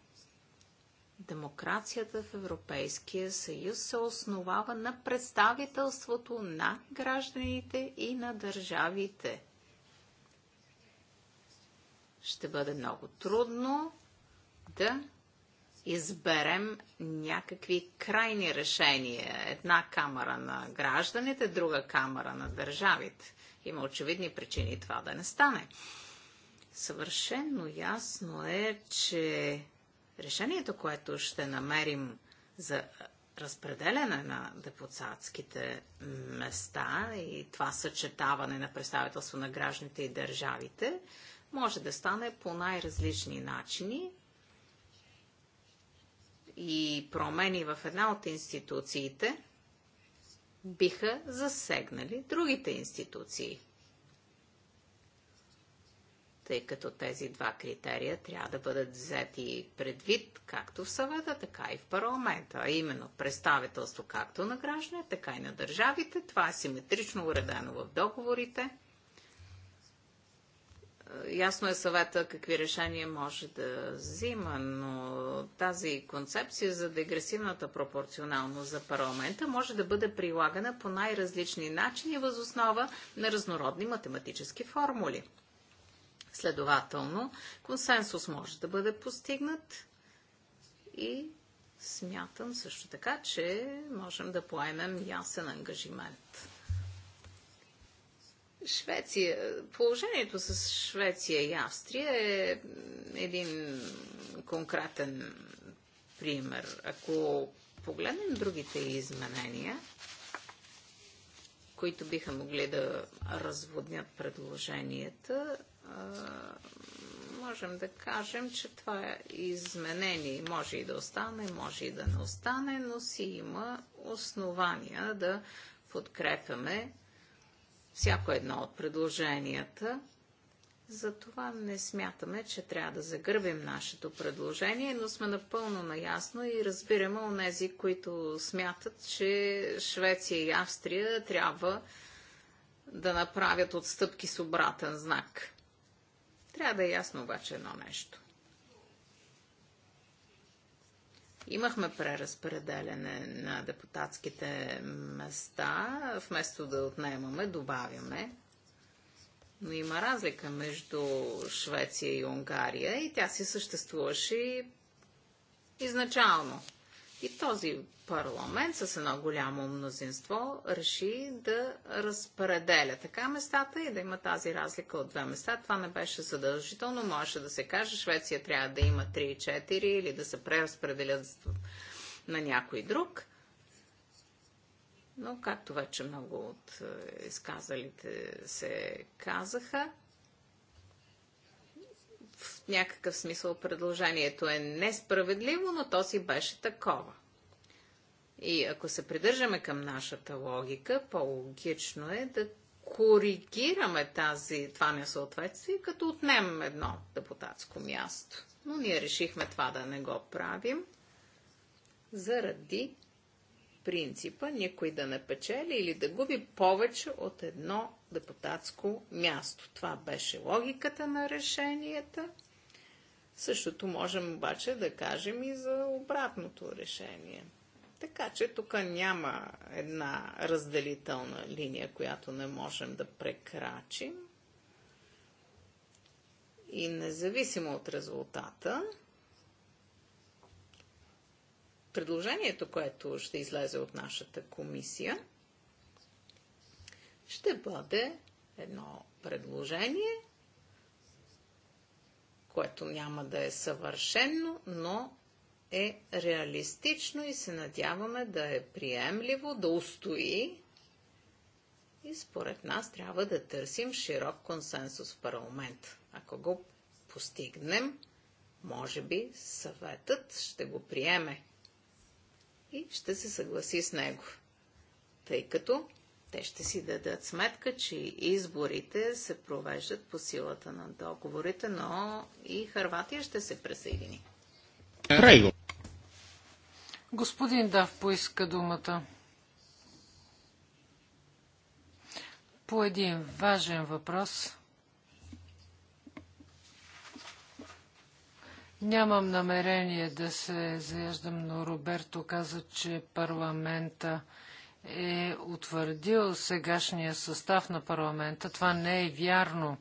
[SPEAKER 5] Демокрацията в Европейския съюз се основава на представителството на гражданите и на държавите. Ще бъде много трудно да изберем някакви крайни решения. Една камера на гражданите, друга камера на държавите. Има очевидни причини това да не стане. Съвършенно ясно е, че решението, което ще намерим за разпределяне на депутатските места и това съчетаване на представителство на гражданите и държавите може да стане по най-различни начини и промени в една от институциите биха засегнали другите институции тъй като тези два критерия трябва да бъдат взети предвид както в съвета, така и в парламента, а именно представителство както на гражданите, така и на държавите. Това е симетрично уредено в договорите. Ясно е съвета какви решения може да взима, но тази концепция за дегресивната пропорционалност за парламента може да бъде прилагана по най-различни начини възоснова на разнородни математически формули. Следователно, консенсус може да бъде постигнат и смятам също така, че можем да поемем ясен ангажимент. Швеция. Положението с Швеция и Австрия е един конкретен пример. Ако погледнем другите изменения, които биха могли да разводнят предложенията, можем да кажем, че това е изменение. Може и да остане, може и да не остане, но си има основания да подкрепяме всяко едно от предложенията. Затова не смятаме, че трябва да загърбим нашето предложение, но сме напълно наясно и разбираме у нези, които смятат, че Швеция и Австрия трябва да направят отстъпки с обратен знак. Трябва да е ясно обаче едно нещо. Имахме преразпределяне на депутатските места. Вместо да отнемаме, добавяме. Но има разлика между Швеция и Унгария и тя си съществуваше изначално. И този парламент с едно голямо мнозинство реши да разпределя така местата и да има тази разлика от две места. Това не беше задължително. Можеше да се каже, Швеция трябва да има 3-4 или да се преразпределят на някой друг. Но, както вече много от е, изказалите се казаха, в някакъв смисъл предложението е несправедливо, но то си беше такова. И ако се придържаме към нашата логика, по-логично е да коригираме тази, това несъответствие, като отнемем едно депутатско място. Но ние решихме това да не го правим заради принципа никой да не печели или да губи повече от едно депутатско място. Това беше логиката на решенията. Същото можем обаче да кажем и за обратното решение. Така че тук няма една разделителна линия, която не можем да прекрачим. И независимо от резултата, предложението, което ще излезе от нашата комисия, ще бъде едно предложение, което няма да е съвършено, но е реалистично и се надяваме да е приемливо, да устои. И според нас трябва да търсим широк консенсус в парламент. Ако го постигнем, може би съветът ще го приеме и ще се съгласи с него. Тъй като те ще си дадат сметка, че изборите се провеждат по силата на договорите, но и Харватия
[SPEAKER 3] ще се присъедини. Господин Дав поиска думата. По един важен въпрос – Нямам намерение да се заяждам, но Роберто каза, че парламента е утвърдил сегашния състав на парламента. Това не е вярно.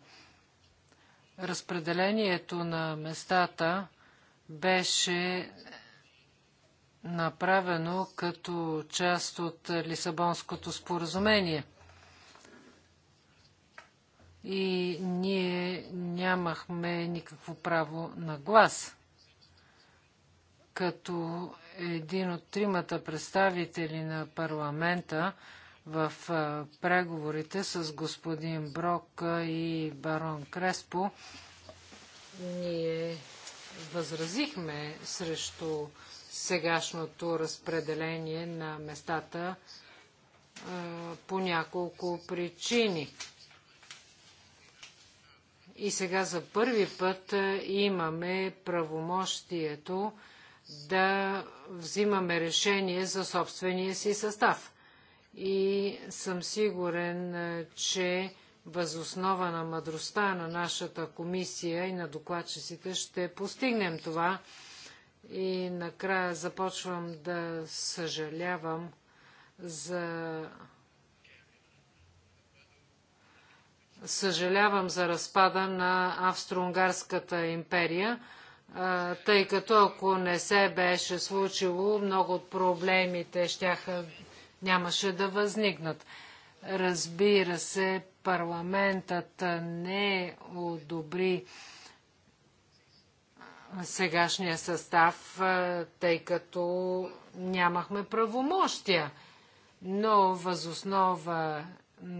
[SPEAKER 3] Разпределението на местата беше направено като част от Лисабонското споразумение – и ние нямахме никакво право на глас. Като един от тримата представители на парламента в преговорите с господин Брок и барон Креспо, ние възразихме срещу сегашното разпределение на местата по няколко причини. И сега за първи път е, имаме правомощието да взимаме решение за собствения си състав. И съм сигурен, е, че възоснова на мъдростта на нашата комисия и на докладчиците ще постигнем това. И накрая започвам да съжалявам за съжалявам за разпада на Австро-Унгарската империя, тъй като ако не се беше случило, много от проблемите щяха, нямаше да възникнат. Разбира се, парламентът не одобри сегашния състав, тъй като нямахме правомощия. Но възоснова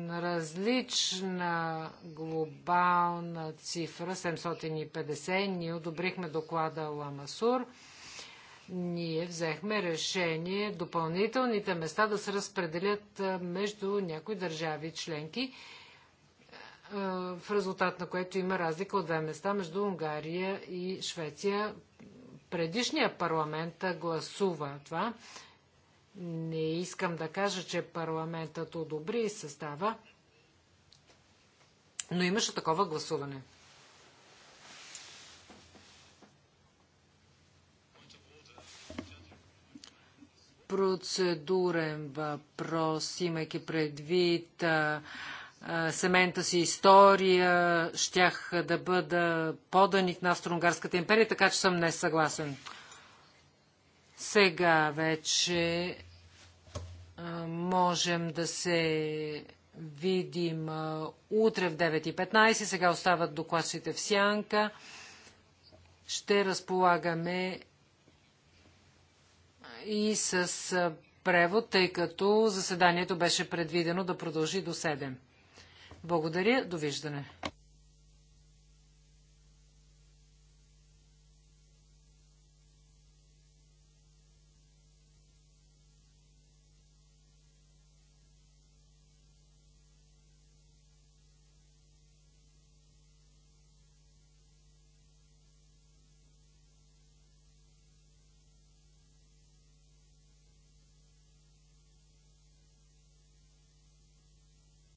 [SPEAKER 3] различна глобална цифра, 750, ние одобрихме доклада Ламасур, ние взехме решение допълнителните места да се разпределят между някои държави членки, в резултат на което има разлика от две места между Унгария и Швеция. Предишния парламент гласува това не искам да кажа, че парламентът одобри състава, но имаше такова гласуване. Процедурен въпрос, имайки предвид семейната си история, щях да бъда поданик на Австро-Унгарската империя, така че съм несъгласен. съгласен. Сега вече можем да се видим утре в 9.15. Сега остават докладчите в сянка. Ще разполагаме и с превод, тъй като заседанието беше предвидено да продължи до 7. Благодаря. Довиждане.